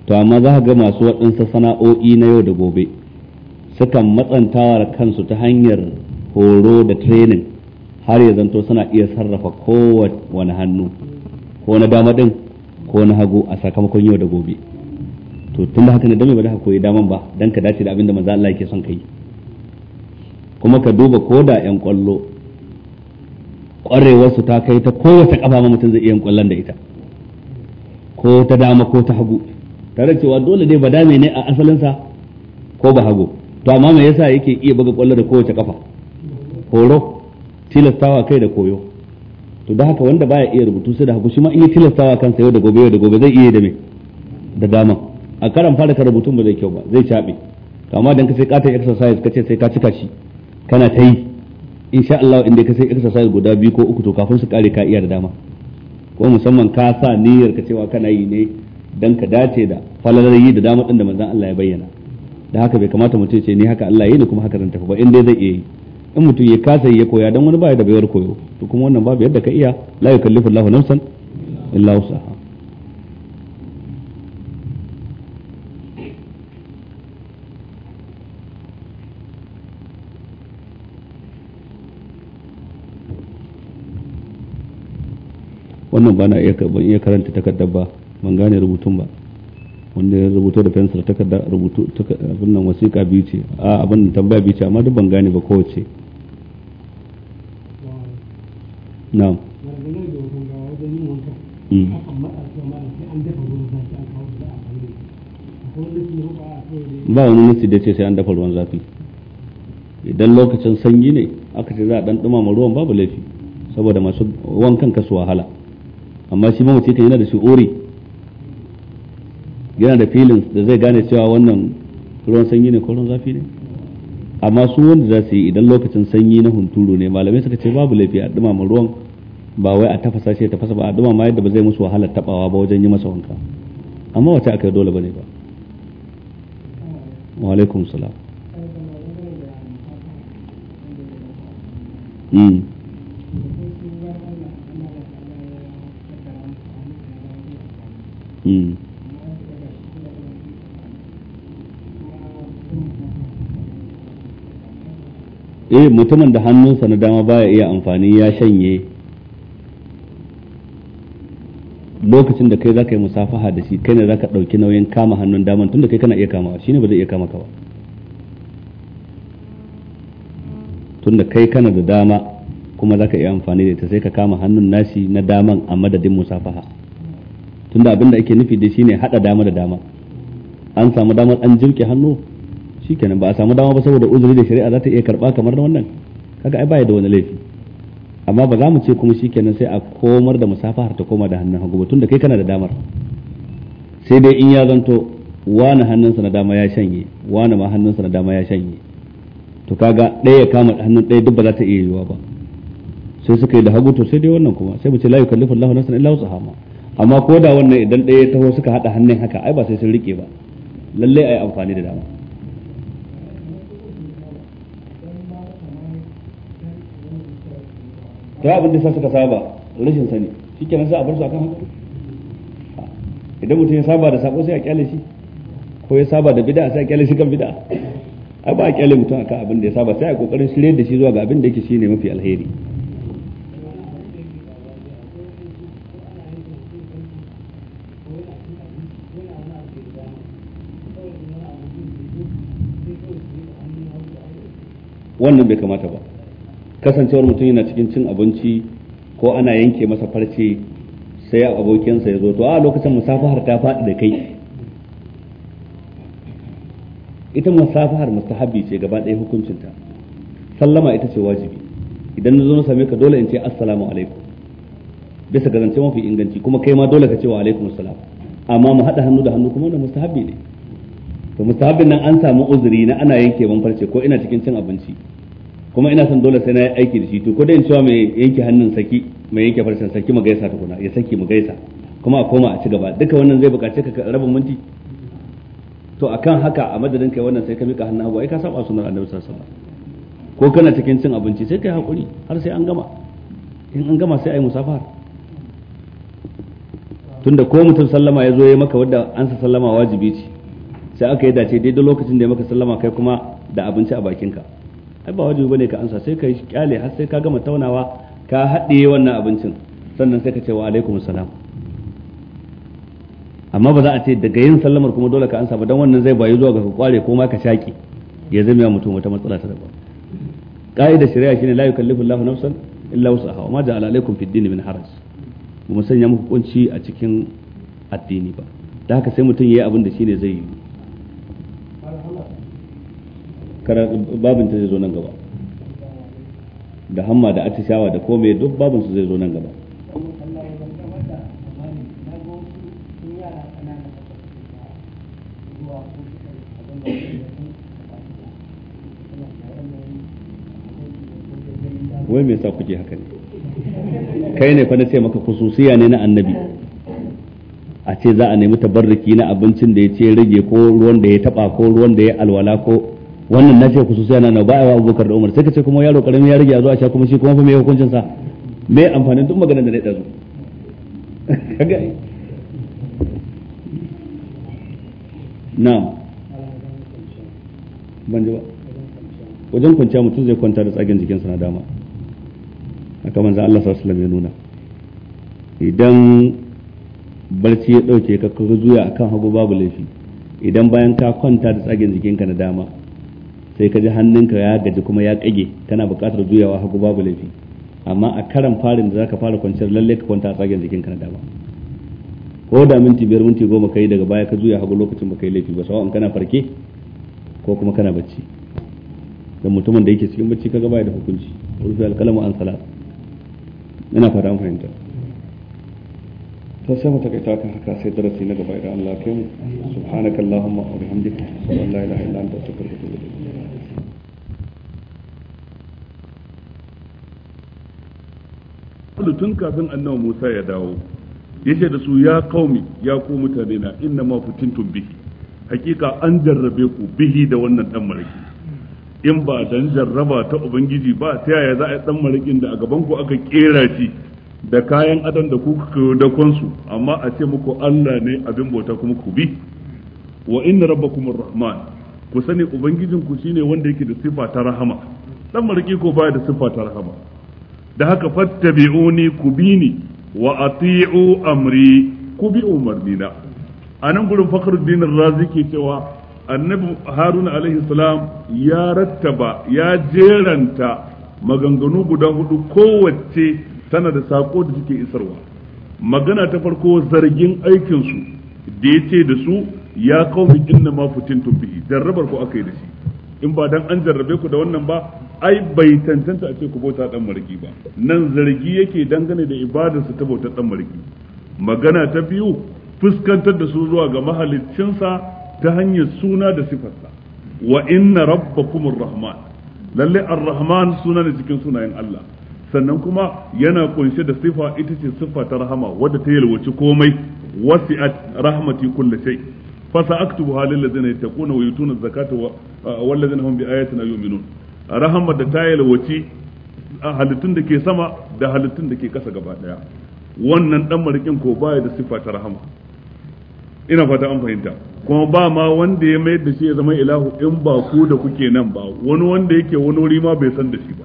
to amma za ka ga masu waɗansu sana'o'i na yau da gobe sukan matsantawa kansu ta hanyar horo da training har ya zanto suna iya sarrafa kowane hannu ko na dama ɗin ko na hagu a sakamakon yau da gobe to tun da haka ne don ba za ka koyi daman ba dan ka dace da abin da maza Allah yake son ka kuma ka duba ko da 'yan kwallo ƙwarewarsu ta kai ta kowace kafa ma mutum zai iya yin kwallon da ita ko ta dama ko ta hagu tare cewa dole dai dame ne a asalinsa ko ba hago to amma me yasa yake iya buga kwallo da kowace kafa horo tilastawa kai da koyo to da haka wanda baya iya rubutu sai da hagu shi ma iya tilastawa kansa yau da gobe yau da gobe zai iya da me da dama a karan fara ka rubutun ba zai kyau ba zai cabe to amma dan ka sai ta exercise kace sai ka cika shi kana ta yi insha Allah inda ka sai exercise guda biyu ko uku to kafin su kare ka iya da dama ko musamman ka sa niyyar ka cewa kana yi ne dan ka dace da falalar yi da dama din da manzon Allah ya bayyana da haka bai kamata mutum ce ni haka Allah yi ni kuma haka zan tafi ba in dai zai iya yi in mutum ya kasa ya koya dan wani baya da bayar koyo to kuma wannan babu yadda ka iya la yukallifu Allahu nafsan illa wusaha wannan ba na iya karanta takardar ba ban gane rubutun ba wanda ya rubuto da fensir kada rubutu abin nan wasiƙa biyu ce a abin da tambaya biyu ce amma duk ban gane ba kowace na'am mm. ba wani nasi da ce sai an dafa ruwan zafi idan lokacin sanyi ne aka ce za a dan dumama ruwan babu laifi saboda masu wankan kasu wahala amma shi mamaci kan yana da shi ori yana da feelings da zai gane cewa wannan ruwan sanyi ne ko ruwan zafi ne amma su wanda za su yi idan lokacin sanyi na hunturu ne malamai suka ce babu laifi a dumama ruwan ba wai a tafasa shi tafasa ba a dumama yadda ba zai musu wahalar tabawa ba wajen yi masa wanka amma wace aka yi dole bane ba wa alaikum salam mm. mm. eh mutumin da hannunsa na dama baya iya amfani ya shanye lokacin da kai za ka yi musafaha da shi kai ne za ka ɗauki nauyin kama hannun daman da kai kana iya kama shi ne ba zai iya kama ka ba da kai kana da dama kuma za ka iya amfani da ita sai ka kama hannun nashi na daman a madadin musafaha tun da abin da ake nufi da shi ne haɗa dama da dama an samu damar an jirke hannu shikenan ba a samu dama ba saboda uzuri da shari'a za ta iya karba kamar da wannan kaga ai baya da wani laifi amma ba za mu ce kuma shikenan sai a komar da musafahar ta koma da hannun hagu tun da kai kana da damar sai dai in ya zanto wani hannunsa na dama ya shanye wani ma hannunsa na dama ya shanye to kaga ɗaya ya kama hannun ɗaya duk ba za ta iya yiwuwa ba sai suka yi da hagu to sai dai wannan kuma sai mu ce la yukallifu Allahu nafsan illa wusaha amma ko da wannan idan ɗaya ya taho suka hada hannun haka ai ba sai sun rike ba lallai ai amfani da dama ta abin da sa suka saba rashin sani shikenan sai a bar su akan haka idan mutum ya saba da sako sai a kyale shi ko ya saba da bid'a sai a kyale shi kan bid'a a ba a kyale mutum akan abin da ya saba sai a kokarin shirye da shi zuwa ga abin da yake shine mafi alheri wannan bai kamata ba kasancewar mutum yana cikin cin abinci ko ana yanke masa farce sai abokinsa ya zo to a lokacin musafahar ta faɗi da kai ita musafahar mustahabi ce gaba ɗaya hukuncinta sallama ita ce wajibi idan na zo na same ka dole in ce assalamu alaikum bisa ga zance mafi inganci kuma kai ma dole ka ce wa alaikum assalam amma mu haɗa hannu da hannu kuma wanda mustahabi ne to mustahabin nan an samu uzuri na ana yanke man farce ko ina cikin cin abinci kuma ina son dole sai na yi aiki da shi to ko da in cewa mai yanke hannun saki mai yanke farcen saki mu gaisa tukuna ya saki mu gaisa kuma a koma a ci gaba duka wannan zai buƙaci ka rabin minti to akan haka a madadin kai wannan sai ka mika hannun hagu ai ka saba sunan annabi sallallahu alaihi wasallam ko kana cikin cin abinci sai kai hakuri har sai an gama in an gama sai ai musafar tunda ko mutum sallama ya zo ya maka wadda an sa sallama wajibi ce sai aka yi dace daidai lokacin da ya maka sallama kai kuma da abinci a bakinka ai ba wajibi bane ka ansa sai ka kyale har sai ka gama taunawa ka haɗe wannan abincin sannan sai ka ce wa alaikum salam amma ba za a ce daga yin sallamar kuma dole ka ansa ba don wannan zai bayu zuwa ga ka kware ko ma ka shaki ya zama ya mutum wata matsala ta daban ka'idar shari'a shine la yukallifu Allahu nafsan illa wus'aha wa ma ja'ala alaikum fid din min haraj mu sanya muku kunci a cikin addini ba da haka sai mutum yayi abin da shine zai yi babin ta zai zo nan gaba da hamma da atishawa da komai duk babin su zai zo nan gaba wai me yasa kuke haka ne kai ne fa na ce maka kususiya ne na annabi a ce za a nemi tabarriki na abincin da ya ce rage ko ruwan da ya taba ko ruwan da ya alwala ko wannan na ce ku sosai na ba a abubakar da umar sai ka ce kuma yaro karami ya rage a zuwa sha kuma shi kuma fa mai hukuncin sa me amfanin duk maganar da na ɗazu kaga na'am ban ji ba wajen kwanciya mutum zai kwanta da tsagen jikinsa na dama haka manzan Allah sallallahu alaihi ya nuna idan barci ya dauke ka ka zuya akan hagu babu laifi idan bayan ka kwanta da tsagen jikinka na dama sai ka ji hannunka ya gaji kuma ya kage kana buƙatar juyawa hagu babu laifi amma a karan farin da zaka fara kwanciyar lalle ka kwanta a tsagen jikin ka na dama ko da minti biyar minti goma kai daga baya ka juya hagu lokacin baka yi laifi ba sawa'un kana farke ko kuma kana bacci da mutumin da yake cikin bacci kaga baya da hukunci rufe alkalamu an salat ina fata an fahimta to sai mu takaita kan haka sai darasi na gaba idan Allah ya kai mu subhanakallahumma wa bihamdika wallahi la ilaha illa anta astaghfiruka wa atubu ilayk tun kafin annabi Musa ya dawo yace da su ya kaumi ya ku mutane na inna ma futintum bihi hakika an jarrabe ku bihi da wannan dan mulki in ba dan jarraba ta ubangiji ba ta yaya za a yi dan mulkin da a gaban ku aka kera shi da kayan adam da kuka da kansu amma a ce muku Allah ne abin bauta kuma ku bi wa inna rabbakum rahman ku sani ubangijinku shine wanda yake da sifa ta rahama dan mulki ko baya da sifa ta rahama da haka fattabi'uni ku bi ni wa ati'u amri ku bi umarnina a nan gurin fakhruddin razi ke cewa annabi haruna alaihi salam ya rattaba ya jeranta maganganu guda hudu kowace tana da sako da suke isarwa magana ta farko zargin aikinsu da ya ce da su ya kawo inna ma fitintum bihi jarrabar ku aka da shi in ba dan an jarrabe ku da wannan ba ai bai tantanta a ce ku bauta dan marki ba nan zargi yake dangane da ibadarsa ta bautar dan marki magana ta biyu fuskantar da su zuwa ga mahaliccinsa ta hanyar suna da sifarsa wa inna rabbakumur rahman lalle ar suna ne cikin sunayen Allah sannan kuma yana kunshe da sifa ita ce sifa ta rahama wadda ta yalwaci komai wasi'at rahmati kulli shay fa sa'aktubu halil ladzina yattaquna wa yutuna zakata wal ladzina hum bi ayatina yu'minun rahama da ta yalwaci halittun da ke sama da halittun da ke kasa gaba daya wannan dan marikin ko baya da siffa ta rahama ina fata an fahimta kuma ba ma wanda ya mayar da shi ya zama ilahu in ba ku da kuke nan ba wani wanda yake wani wuri ma bai san da shi ba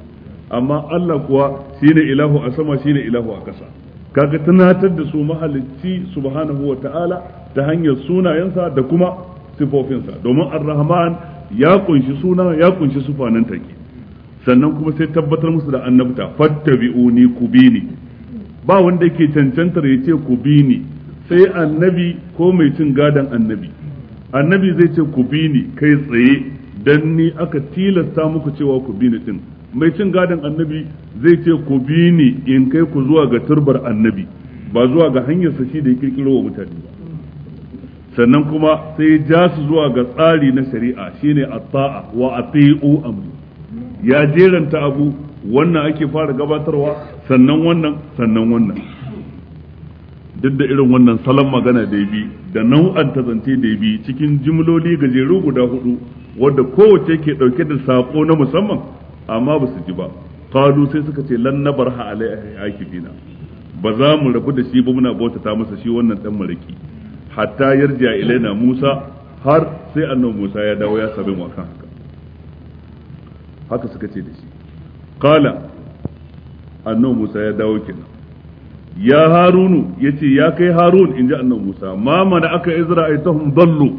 amma Allah kuwa shine ilahu a sama shine ilahu a kasa kaga tunatar da su mahalicci subhanahu wa ta'ala ta hanyar sunayensa da kuma sifofinsa domin ar-rahman ya kunshi suna ya kunshi sufanan take sannan kuma sai tabbatar musu da annabta fattabi'uni ku bi ni ba wanda yake cancantar ya ce ku bi ni sai annabi ko mai cin gadon annabi annabi zai ce ku bi ni kai tsaye dan ni aka tilasta muku cewa ku bi ni din mai cin gadon annabi zai ce ku bi ni in kai ku zuwa ga turbar annabi ba zuwa ga hanyar sa shi da ya kirkiro wa mutane ba sannan kuma sai ja su zuwa ga tsari na shari'a shine a taa wa ati'u amri ya jeranta abu wannan ake fara gabatarwa sannan wannan sannan wannan duk da irin wannan salon magana da bi da nau'an zance da bi cikin jimloli gajeru guda hudu wadda kowace ke dauke da saƙo na musamman amma ba su ji ba kalu sai suka ce lan barha alai akibina ba za mu rabu da shi ba muna bautata masa shi wannan dan maraki hatta yarjiya ilaina Musa har sai annabi Musa ya dawo ya sabi mu akan haka haka suka ce da shi qala annabi Musa ya dawo kenan ya harunu yace ya kai harun in ji annabi Musa ma mana aka izra aitahum dallu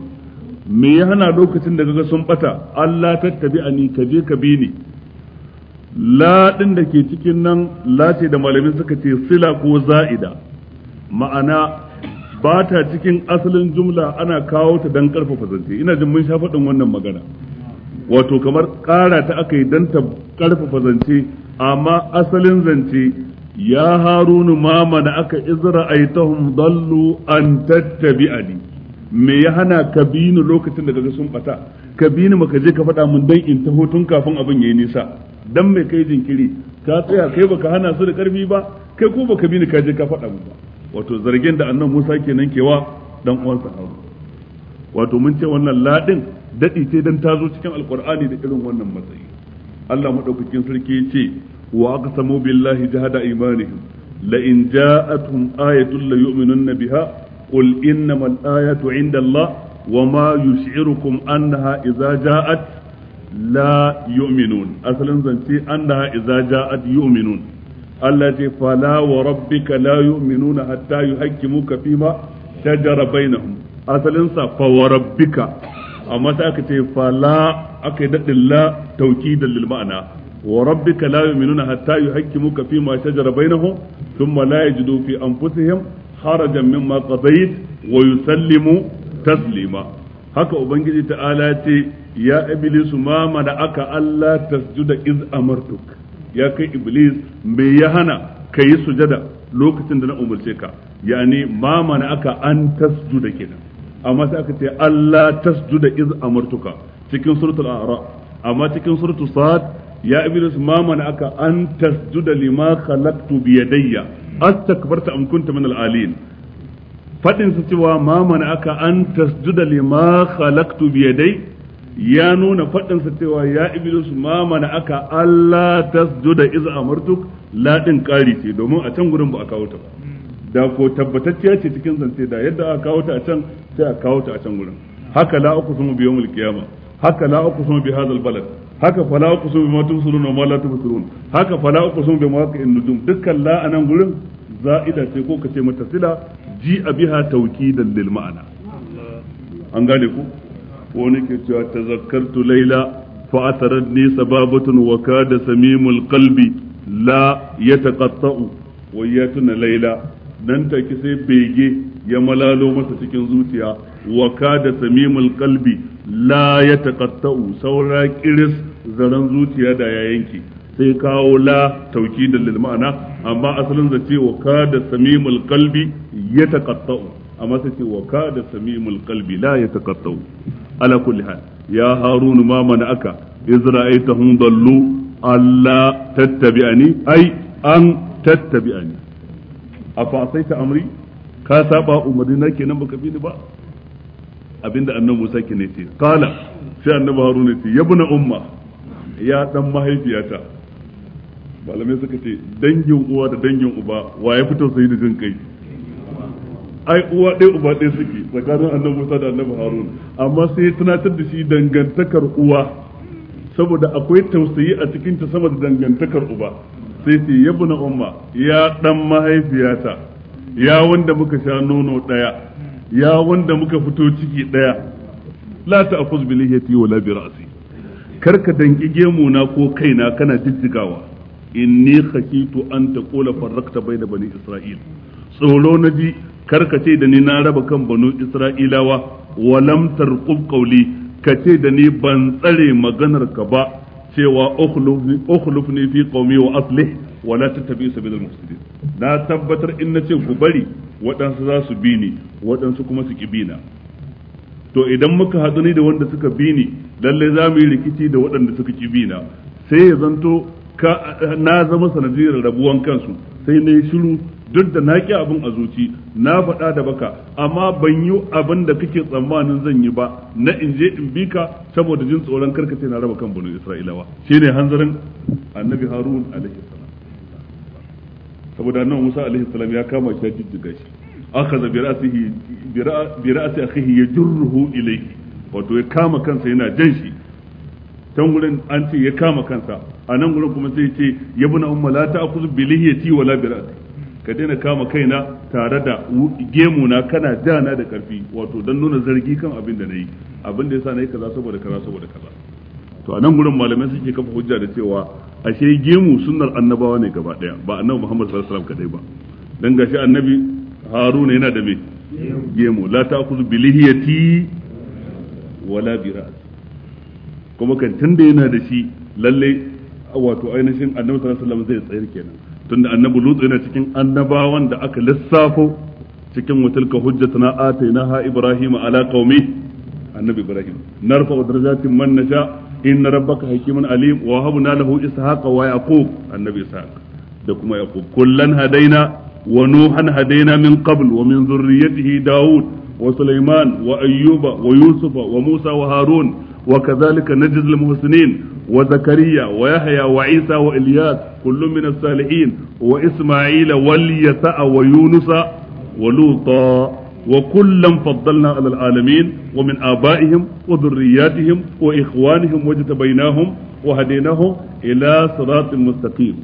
me ya hana lokacin da kaga sun bata Allah tattabi'ani kaje ka bi ni la din da ke cikin nan la ce da malamin suka ce sila ko za'ida ma'ana ba ta cikin asalin jumla ana kawo ta don karfafa zance ina jin mun sha faɗin wannan magana wato kamar ƙara ta aka yi don ta karfafa zance amma asalin zance ya harunu mama na aka izra aitahum dallu an tattabi'ani me ya hana ka lokacin da ga sun bata ka bini maka je ka faɗa mun don in ta tun kafin abin yi nisa Don mai kai jinkiri ka tsaya kai baka hana su da ƙarfi ba kai ko baka bini ka je ka faɗa mun ba wato zargin da annan Musa kenan kewa dan uwansa Harun wato mun ce wannan ladin daɗi ce dan tazo cikin alkur'ani da irin wannan matsayi Allah madaukakin sarki yace wa aqsamu billahi jahada imanihim la in ja'atuhum ayatun la yu'minunna biha qul innamal ayatu 'inda Allah wa ma yush'irukum annaha idza ja'at la yu'minun asalin zance annaha idza ja'at yu'minun Allah ce fala wa rabbika la yu'minuna hatta yuhaqqimuka fima shajara bainahum asalin sa fa wa rabbika amma sai aka ce fala aka yi dadin la tawkidan lil ma'ana wa rabbika la yu'minuna hatta yuhaqqimuka fima shajara bainahum thumma la yajidu fi anfusihim harajan mimma qadayt wa yusallimu taslima haka ubangiji ta'ala ce ya iblisu ma mana aka Allah tasjuda iz amartuka ya kai iblis me ya hana ka yi sujada lokacin da na umarce ka yani ma mana aka an tasjuda kenan amma sai aka ce Allah tasjuda iz amartuka cikin suratul a'ra amma cikin suratul sad ya iblis ma mana aka an tasjuda lima khalaqtu bi yadayya astakbarta am kunta min al-alin fadin su cewa ma mana aka an tasjuda lima khalaqtu bi yadayya ya nuna faɗinsa cewa ya iblis ma mana aka Allah tasjuda iz amartuk la din ƙari ce domin a can gurin ba a kawo ta ba da ko tabbatacciya ce cikin zance da yadda aka kawo ta a can sai a kawo ta a can gurin haka la uqsimu bi yawmil qiyamah haka la uqsimu bi hadal balad haka fala uqsimu bima tumsirun wa ma la tubsirun haka fala uqsimu bi mawaqi'in nujum dukkan la anan gurin za'ida ce ko kace mutasila ji abiha tawkidan lil ma'ana an gane ku wani ke cewa tazakkartu laila fa ataradni sababatun waka da samimul qalbi la yataqatta'u Wai ya tuna laila nan take sai bege ya malalo masa cikin zuciya waka da samimul qalbi la yataqatta'u saura ƙiris zaren zuciya da ya yanke sai kawo la tauki da lilmaana amma asalin ce waka da samimul ya yataqatta'u amma sai ce wa kada samimul qalbi la yataqatta'u ala kulli hal ya harun ma mana'aka iz ra'aytahum dallu alla tattabi'ani ai an tattabi'ani afa asaita amri ka saba umarni na kenan baka bi ni ba abinda annabi Musa ke ne ce kala sai annabi Haruna ce yabna umma ya dan mahaifiyata malamai suka ce dangin uwa da dangin uba wa ya fito sai da jin kai ai uwa ɗaya uba ɗaya suke tsakanin annabi Musa da annabi Harun amma sai tunatar da shi dangantakar uwa saboda akwai tausayi a cikin ta saboda dangantakar uba sai sai ya buna umma ya dan mahaifiyata ya wanda muka sha nono ɗaya ya wanda muka fito ciki ɗaya la ta'khuz bi lihiyati wala bi ra'si karka danki gemu na ko kaina kana jijjigawa inni khashitu an taqula farraqta bayna bani isra'il tsoro na ji ce da ni na raba kan banu isra'ilawa wa lam tarqub qawli ce da ni ban tsare maganar ka ba cewa ukhlufni fi qawmi wa aslih wa la tattabi sabilal mufsidin na tabbatar in nace ku bari waɗansu za su bi ni waɗansu kuma su ki na to idan muka haɗu ni da wanda suka bi ni lalle za mu yi rikici da waɗanda suka ki bi na sai ya zanto na zama sanadiyar rabuwan kansu sai na yi shiru duk da na ƙi abin a zuci na faɗa da baka amma ban yi abin da kake tsammanin zan yi ba na in je in bi ka saboda jin tsoron karka sai na raba kan banu isra'ilawa shi ne hanzarin annabi harun alaihi salam saboda annabi musa alaihi salam ya kama shi ya jijjiga shi akhadha bi ra'sihi bi ra'si akhihi yajruhu ilayhi wato ya kama kansa yana jan shi can gurin an ce ya kama kansa a nan gurin kuma sai ce yabna umma la ta'khudh bi lihiyati wala bi ra'si ka daina kama kaina tare da gemu na kana jana da karfi wato don nuna zargi kan abin da nayi abin da yasa nayi kaza saboda kaza saboda kaza to a nan gurin malamai suke kafa hujja da cewa ashe gemu sunnar annabawa ne gaba daya ba annabi Muhammad sallallahu alaihi wasallam kadai ba dan gashi annabi Haruna yana da me gemu la ta'khudhu bi lihiyati wala bi kuma kan tunda yana da shi lalle wato ainihin annabi sallallahu alaihi wasallam zai tsayar kenan tunda annabi Lut yana cikin annabawan da aka lissafo cikin watilka hujjatuna ha Ibrahim ala qaumi annabi ibrahim narfa darajatin man nasha inna rabbaka hakimun alim wa habna lahu ishaqa wa yaqub annabi ishaq da kuma yaqub kullan hadaina wa nuhan hadaina min qabl wa min dhurriyyatihi daud wa sulaiman wa ayyuba wa yusufa wa musa wa harun وكذلك نجزي المحسنين وزكريا ويحيى وعيسى والياس كل من الصالحين واسماعيل واليسع ويونس ولوطا وكلا فضلنا على العالمين ومن آبائهم وذرياتهم وإخوانهم وجتبيناهم وهديناهم إلى صراط مستقيم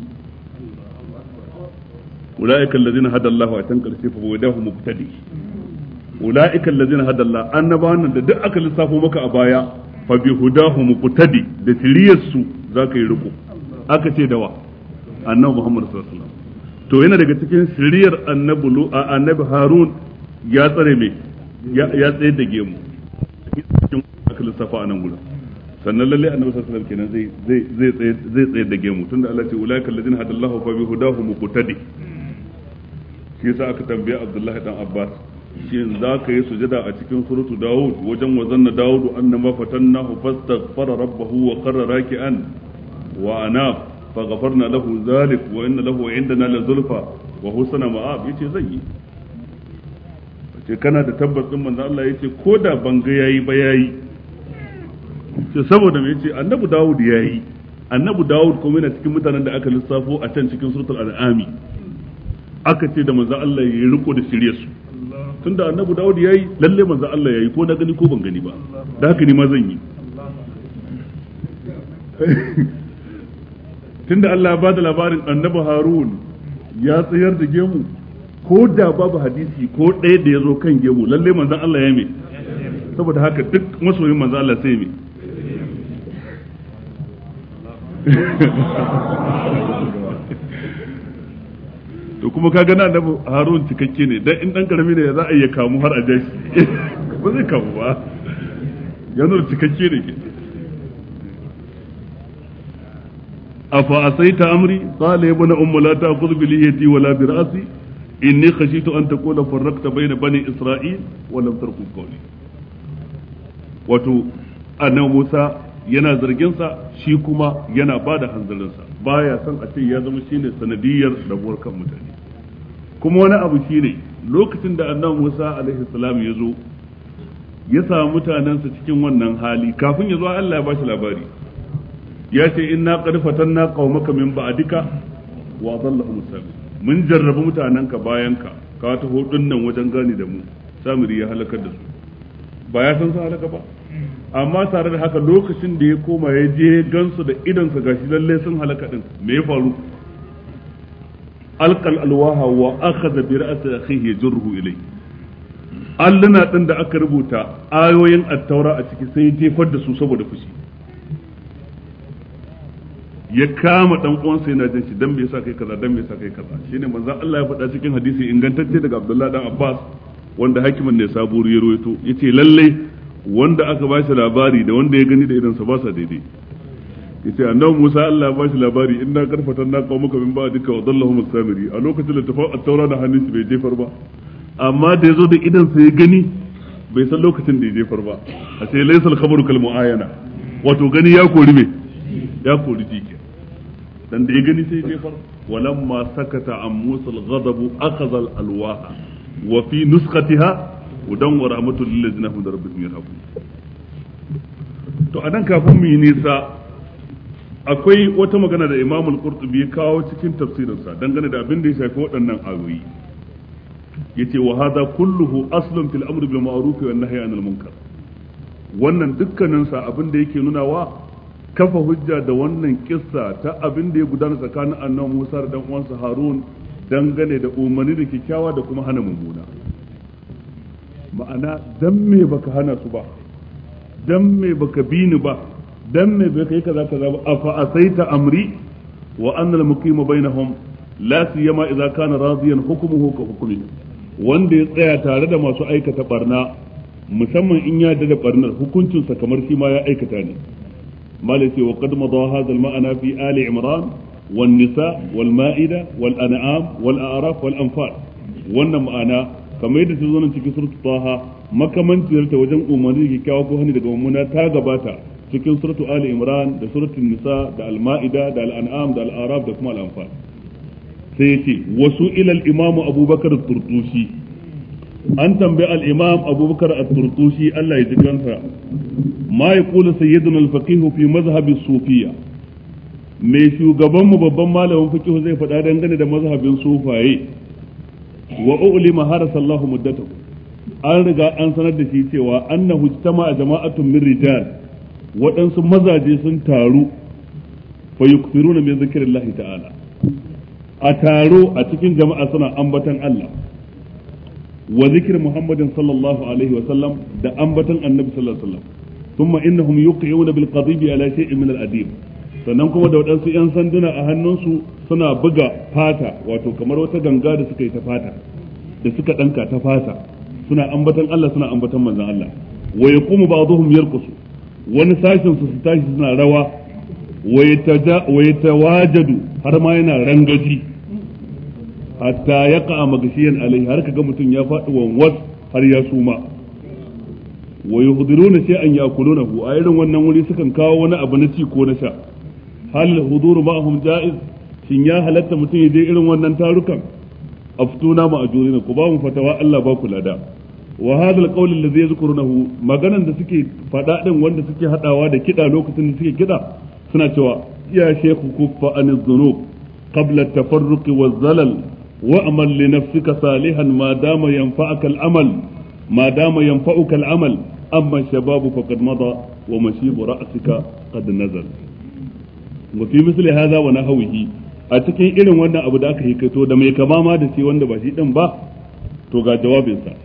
أولئك الذين هدى الله أتنكر فهو وداه مبتدئ أولئك الذين هدى الله أن بان دعك لصافو بك أبايا fa bi hudahu muqtadi da tiliyar su zaka yi riko aka ce dawa annabi Muhammad sallallahu alaihi wasallam to yana daga cikin siriyar annabi annabi Harun ya tsare me ya tsaye da gemu cikin aka lissafa a nan gurin sannan lalle annabi sallallahu alaihi wasallam kenan zai zai zai zai tsaye da gemu tunda Allah ce ulaka alladhina hadallahu fa bi hudahu muqtadi shi yasa aka tambaya Abdullahi dan Abbas shin za ka yi sujada a cikin surutu, dawud wajen wazan na dawud annama fara rabba huwa wa raki an wa fagafar na lahu Zalif wa inna lahu na la zulfa wa husna ma'ab ce zan yi ce kana da tabbas ɗin manzan Allah ya ce ko da banga ya yi ba yi? ce saboda me ce annabu dawud ya yi annabu dawud kuma yana cikin mutanen da aka lissafo a can cikin surutar al'ami aka ce da manzan Allah ya riko da shirye su tunda annabi ya yayi lalle manzo Allah yayi ko na gani ko ban gani ba da haka ni ma zan yi tunda Allah ba da labarin annabi Harun ya tsayar da gemu ko da babu hadisi ko ɗaya da ya zo kan gemu lalle manzon Allah ya me saboda haka duk masoyin maza Allah sai me to kuma ka gana da harun cikakke ne dan in dan karami ne za a iya kamu har a jashi ba zai kamu ba yanzu cikakke ne ke afa asaita amri qala ibn ummu la ta'khudh bi liyati wa la bi ra'si inni khashitu an taqula farraqta bayna bani isra'il wa lam tarqub qawli wato annabi Musa yana zarginsa shi kuma yana ba da hanzarinsa baya son a ce ya zama shine sanadiyar rabuwar kan mutane kuma wani abu shine lokacin da annabi Musa alaihi ya zo ya sa mutanensa cikin wannan hali kafin ya zo Allah ya shi labari ya ce inna qad fatanna qaumaka min ba'dika wa adallahum sabil mun jarrabu mutanenka bayanka ka ta hudun nan wajen gane da mu samiri ya halakar da su ba ya san su halaka ba amma tare da haka lokacin da ya koma ya je gansu da idonsa gashi lalle sun halaka din me ya faru alqal alwaha wa akhadha bi ra'si akhihi yajruhu ilay alluna din da aka rubuta ayoyin attaura a ciki sai ya jefar da su saboda fushi ya kama dan uwansa yana jin shi dan me yasa kai kaza dan me yasa kai kaza shine manzon Allah ya faɗa cikin hadisi ingantacce daga Abdullah dan Abbas wanda hakimin ne saburi ya ruwaito yace lalle wanda aka ba shi labari da wanda ya gani da idan ba sa daidai yace annabi Musa Allah ba shi labari inna karfata na kawo muka min ba ba'dika wa dallahum as-samiri a lokacin da tafa at-taura da hannun shi bai jefar ba amma da yazo da idansa ya gani bai san lokacin da ya jefar ba a ce laisal khabaru kal muayana wato gani ya kori me ya kori jike dan da ya gani sai ya jefar walamma sakata an Musa al-ghadabu akhadha al-alwaha wa fi nuskhatiha hudan wa rahmatul lil ladina hum rabbihim to nan kafin mu yi nisa akwai wata magana da Imam al-Qurtubi ya kawo cikin tafsirinsa dangane da abin da ya shafi waɗannan ayoyi yace wa hadha kulluhu aslun fil amr bil ma'ruf wa nahyi anil munkar wannan dukkanin sa abin da yake nunawa kafa hujja da wannan kissa ta abin da ya gudana tsakanin annabi Musa da dan uwansa Harun dangane da umarni da kyakkyawa da kuma hana mummuna ma'ana dan me baka hana su ba dan me baka bi ni ba dan me baka yi kaza kaza ba afa asaita amri wa anna al muqima bainahum la siyama idza kana radiyan hukmuhu ka hukmi wanda ya tsaya tare da masu aikata barna musamman in ya da barnar hukuncin sa kamar shi ma ya aikata ne malai wa qad madha hadha al ma'ana fi ali imran wan nisa wal ma'ida wal an'am wal a'raf wal anfal wannan ma'ana kamar yadda ta zo nan cikin suratu taha makamanciyar ta wajen umarni da kyakkyawa ko hani daga mummuna ta gabata cikin suratu ali imran da suratul nisa da al-ma'ida da al-an'am da al-araf da kuma al-anfal sai yace wasu ila al-imam abubakar turtushi an tambaye al-imam abubakar at Allah ya ji kansa ma yaqulu sayyiduna al-faqih fi mazhabi sufiyya mai shugabanmu babban malamin fiqh zai faɗa dangane da mazhabin sufaye wa ulima harasa Allah muddatahu an riga an sanar da shi cewa annahu a jama'atun min rijal waɗansu mazaje sun taru fa yukthiruna min zikrillah ta'ala a taro a cikin jama'a suna ambatan Allah wa zikr Muhammadin sallallahu alaihi wa sallam da ambatan Annabi sallallahu alaihi wa sallam thumma innahum yuqiyuna bil qadibi ala shay'in min al adib sannan kuma da waɗansu 'yan sanduna a hannunsu suna buga fata wato kamar wata ganga da suka yi ta fata da suka ɗanka ta fata suna ambatan Allah suna ambatan manzan Allah wa yaqumu ba'dhum yarqusu wani sashen su su tashi suna rawa wa wajadu har ma yana rangaji hatta yaqa magshiyan alai har kaga mutum ya faɗi wanwas har ya suma wa yuhdiruna shay'an yakuluna a irin wannan wuri sukan kawo wani abu na ci ko na sha hal huduru ma'ahum ja'iz shin ya halatta mutum ya je irin wannan tarukan aftuna ma ajurina ku ba mu fatawa Allah ba ku lada wa hadha alqawl na yadhkurunahu maganan da suke fada din wanda suke hadawa da kida lokacin da suke kida suna cewa ya shaykhu kuffa an dhunub qabla at-tafarruq wa zalal wa amal li nafsika salihan ma dama yanfa'uka al-amal ma dama yanfa'uka al-amal amma shababu faqad mada wa mashibu ra'sika qad nazala wa fi misli hadha wa nahwihi a cikin irin wannan abu da aka hikaito da mai kama ma da shi wanda ba shi din ba to ga jawabinsa ya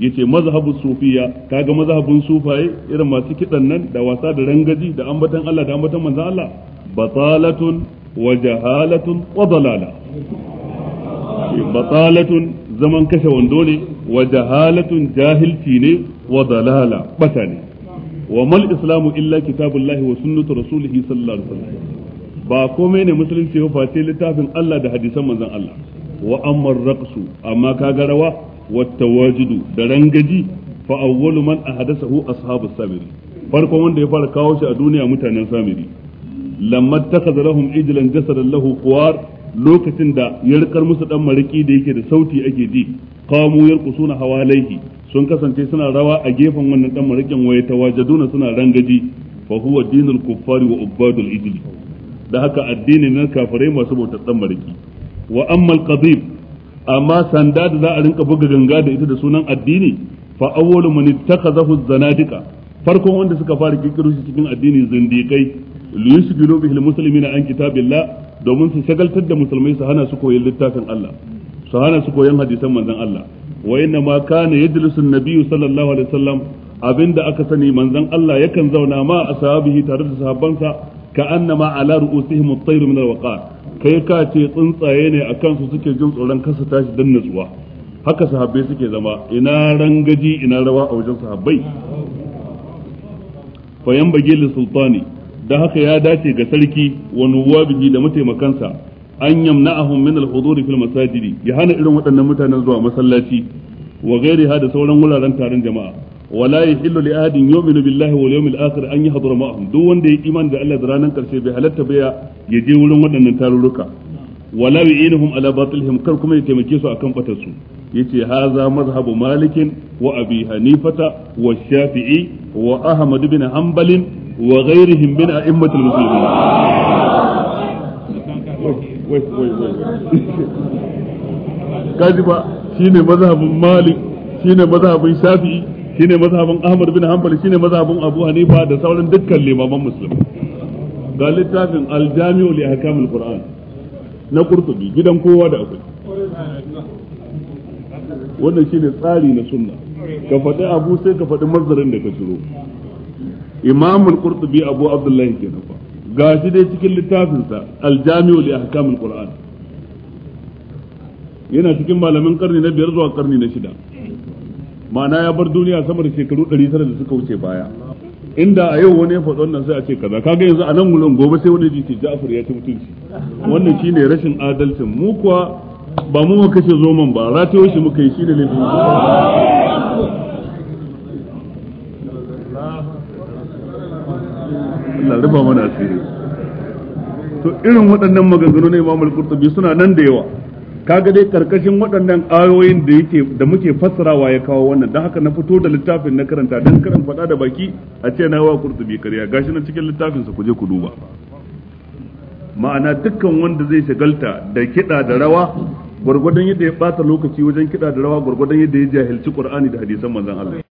yace mazhabu sufiya kaga mazhabun sufaye irin masu kiɗan nan da wasa da rangaji da ambatan Allah da ambatan manzon Allah batalatun wa jahalatun wa dalala batalatun zaman kashe wando ne wa jahalatun jahilci ne wa dalala bata ne wa mal islamu illa kitabullahi wa sunnatu rasulihi sallallahu alaihi wasallam ba komai ne musulunci ba face littafin Allah da hadisan manzon Allah wa amma raqsu amma kaga rawa wa tawajudu da rangaji fa awwalu man ahdathahu ashabus samiri farkon wanda ya fara kawo shi a duniya mutanen samiri lamma takaza lahum ijlan jasadan lahu quwar lokacin da ya rikar musu dan mariki da yake da sauti ake ji qamu yarqusuna hawalaihi sun kasance suna rawa a gefen wannan dan marikin waye tawajaduna suna rangaji fa huwa dinul kuffari wa ubadul ijli da haka addini na kafirai masu bautar dan mariki wa ammal qadib amma sanda da za a rinka buga ganga da ita da sunan addini fa awwalu man ittakhadhahu zanadika farkon wanda suka fara kirkiro shi cikin addini zindikai liyusgilu bihi almuslimina an kitabillah domin su shagaltar da musulmai su hana su koyon littafin Allah su hana su koyan hadisan manzon Allah wa inna ma kana yajlisu an-nabiyyu sallallahu alaihi wasallam abinda aka sani manzon Allah yakan zauna ma ashabihi tare da sahabbansa ka annama ala ru'usihim at-tayr min al kai ka ce tsuntsaye ne akan su suke jin tsoron kasa tashi dan nutsuwa haka sahabbai suke zama ina ran gaji ina rawa a wajen sahabbai fa yanbaghi lis-sultani da haka ya dace ga sarki wa nuwabihi da mataimakansa an yamna'ahum min al-huduri fil masajidi ya hana irin waɗannan mutanen zuwa masallaci wa da sauran wuraren taron jama'a wala yahillu li ahadin yu'minu billahi an yahdura ma'ahum duk wanda ya iman da Allah da ranar karshe bai halatta ba ya je wurin waɗannan tarurruka wala yu'inuhum ala batilhim kar kuma ya taimake su akan batar su yace haza mazhabu malikin wa abi hanifata wa shafi'i wa ahmad bin hanbal wa ghairihim min shafi'i shine mazhabin Ahmad bin Hanbal shine mazhabin Abu Hanifa da sauran dukkan limaman musulmi ga littafin Al-Jami'u li Ahkamil Qur'an na Qurtubi gidan kowa da akwai wannan shine tsari na sunna ka faɗi abu sai ka faɗi mazarin da ka ciro Imamul Qurtubi Abu Abdullahi kenan fa gashi dai cikin littafinsa Al-Jami'u li Ahkamil Qur'an yana cikin malamin karni na biyar zuwa karni na shida ma'ana ya bar duniya sama da shekaru 900 da suka wuce baya inda a yau wani ya faɗi wannan sai a ce kaza kaga yanzu a nan gulon gobe sai wani jiki Ja'far ya ci mutunci wannan shine rashin adalcin mu kuwa ba mu muka kashe zoman ba ratayo shi muka yi shine laifin Allah rufa mana asiri to irin waɗannan maganganu na Imam Al-Qurtubi suna nan da yawa kaga dai karkashin waɗannan ayoyin da yake da muke fassarawa ya kawo wannan dan haka na fito da littafin na karanta dan karan faɗa da baki a ce na wa kurtubi kariya gashi na cikin littafin sa ku je ku duba ma'ana dukkan wanda zai shagalta da kiɗa da rawa gwargwadon yadda ya bata lokaci wajen kiɗa da rawa gwargwadon yadda ya jahilci Qur'ani da hadisan manzon Allah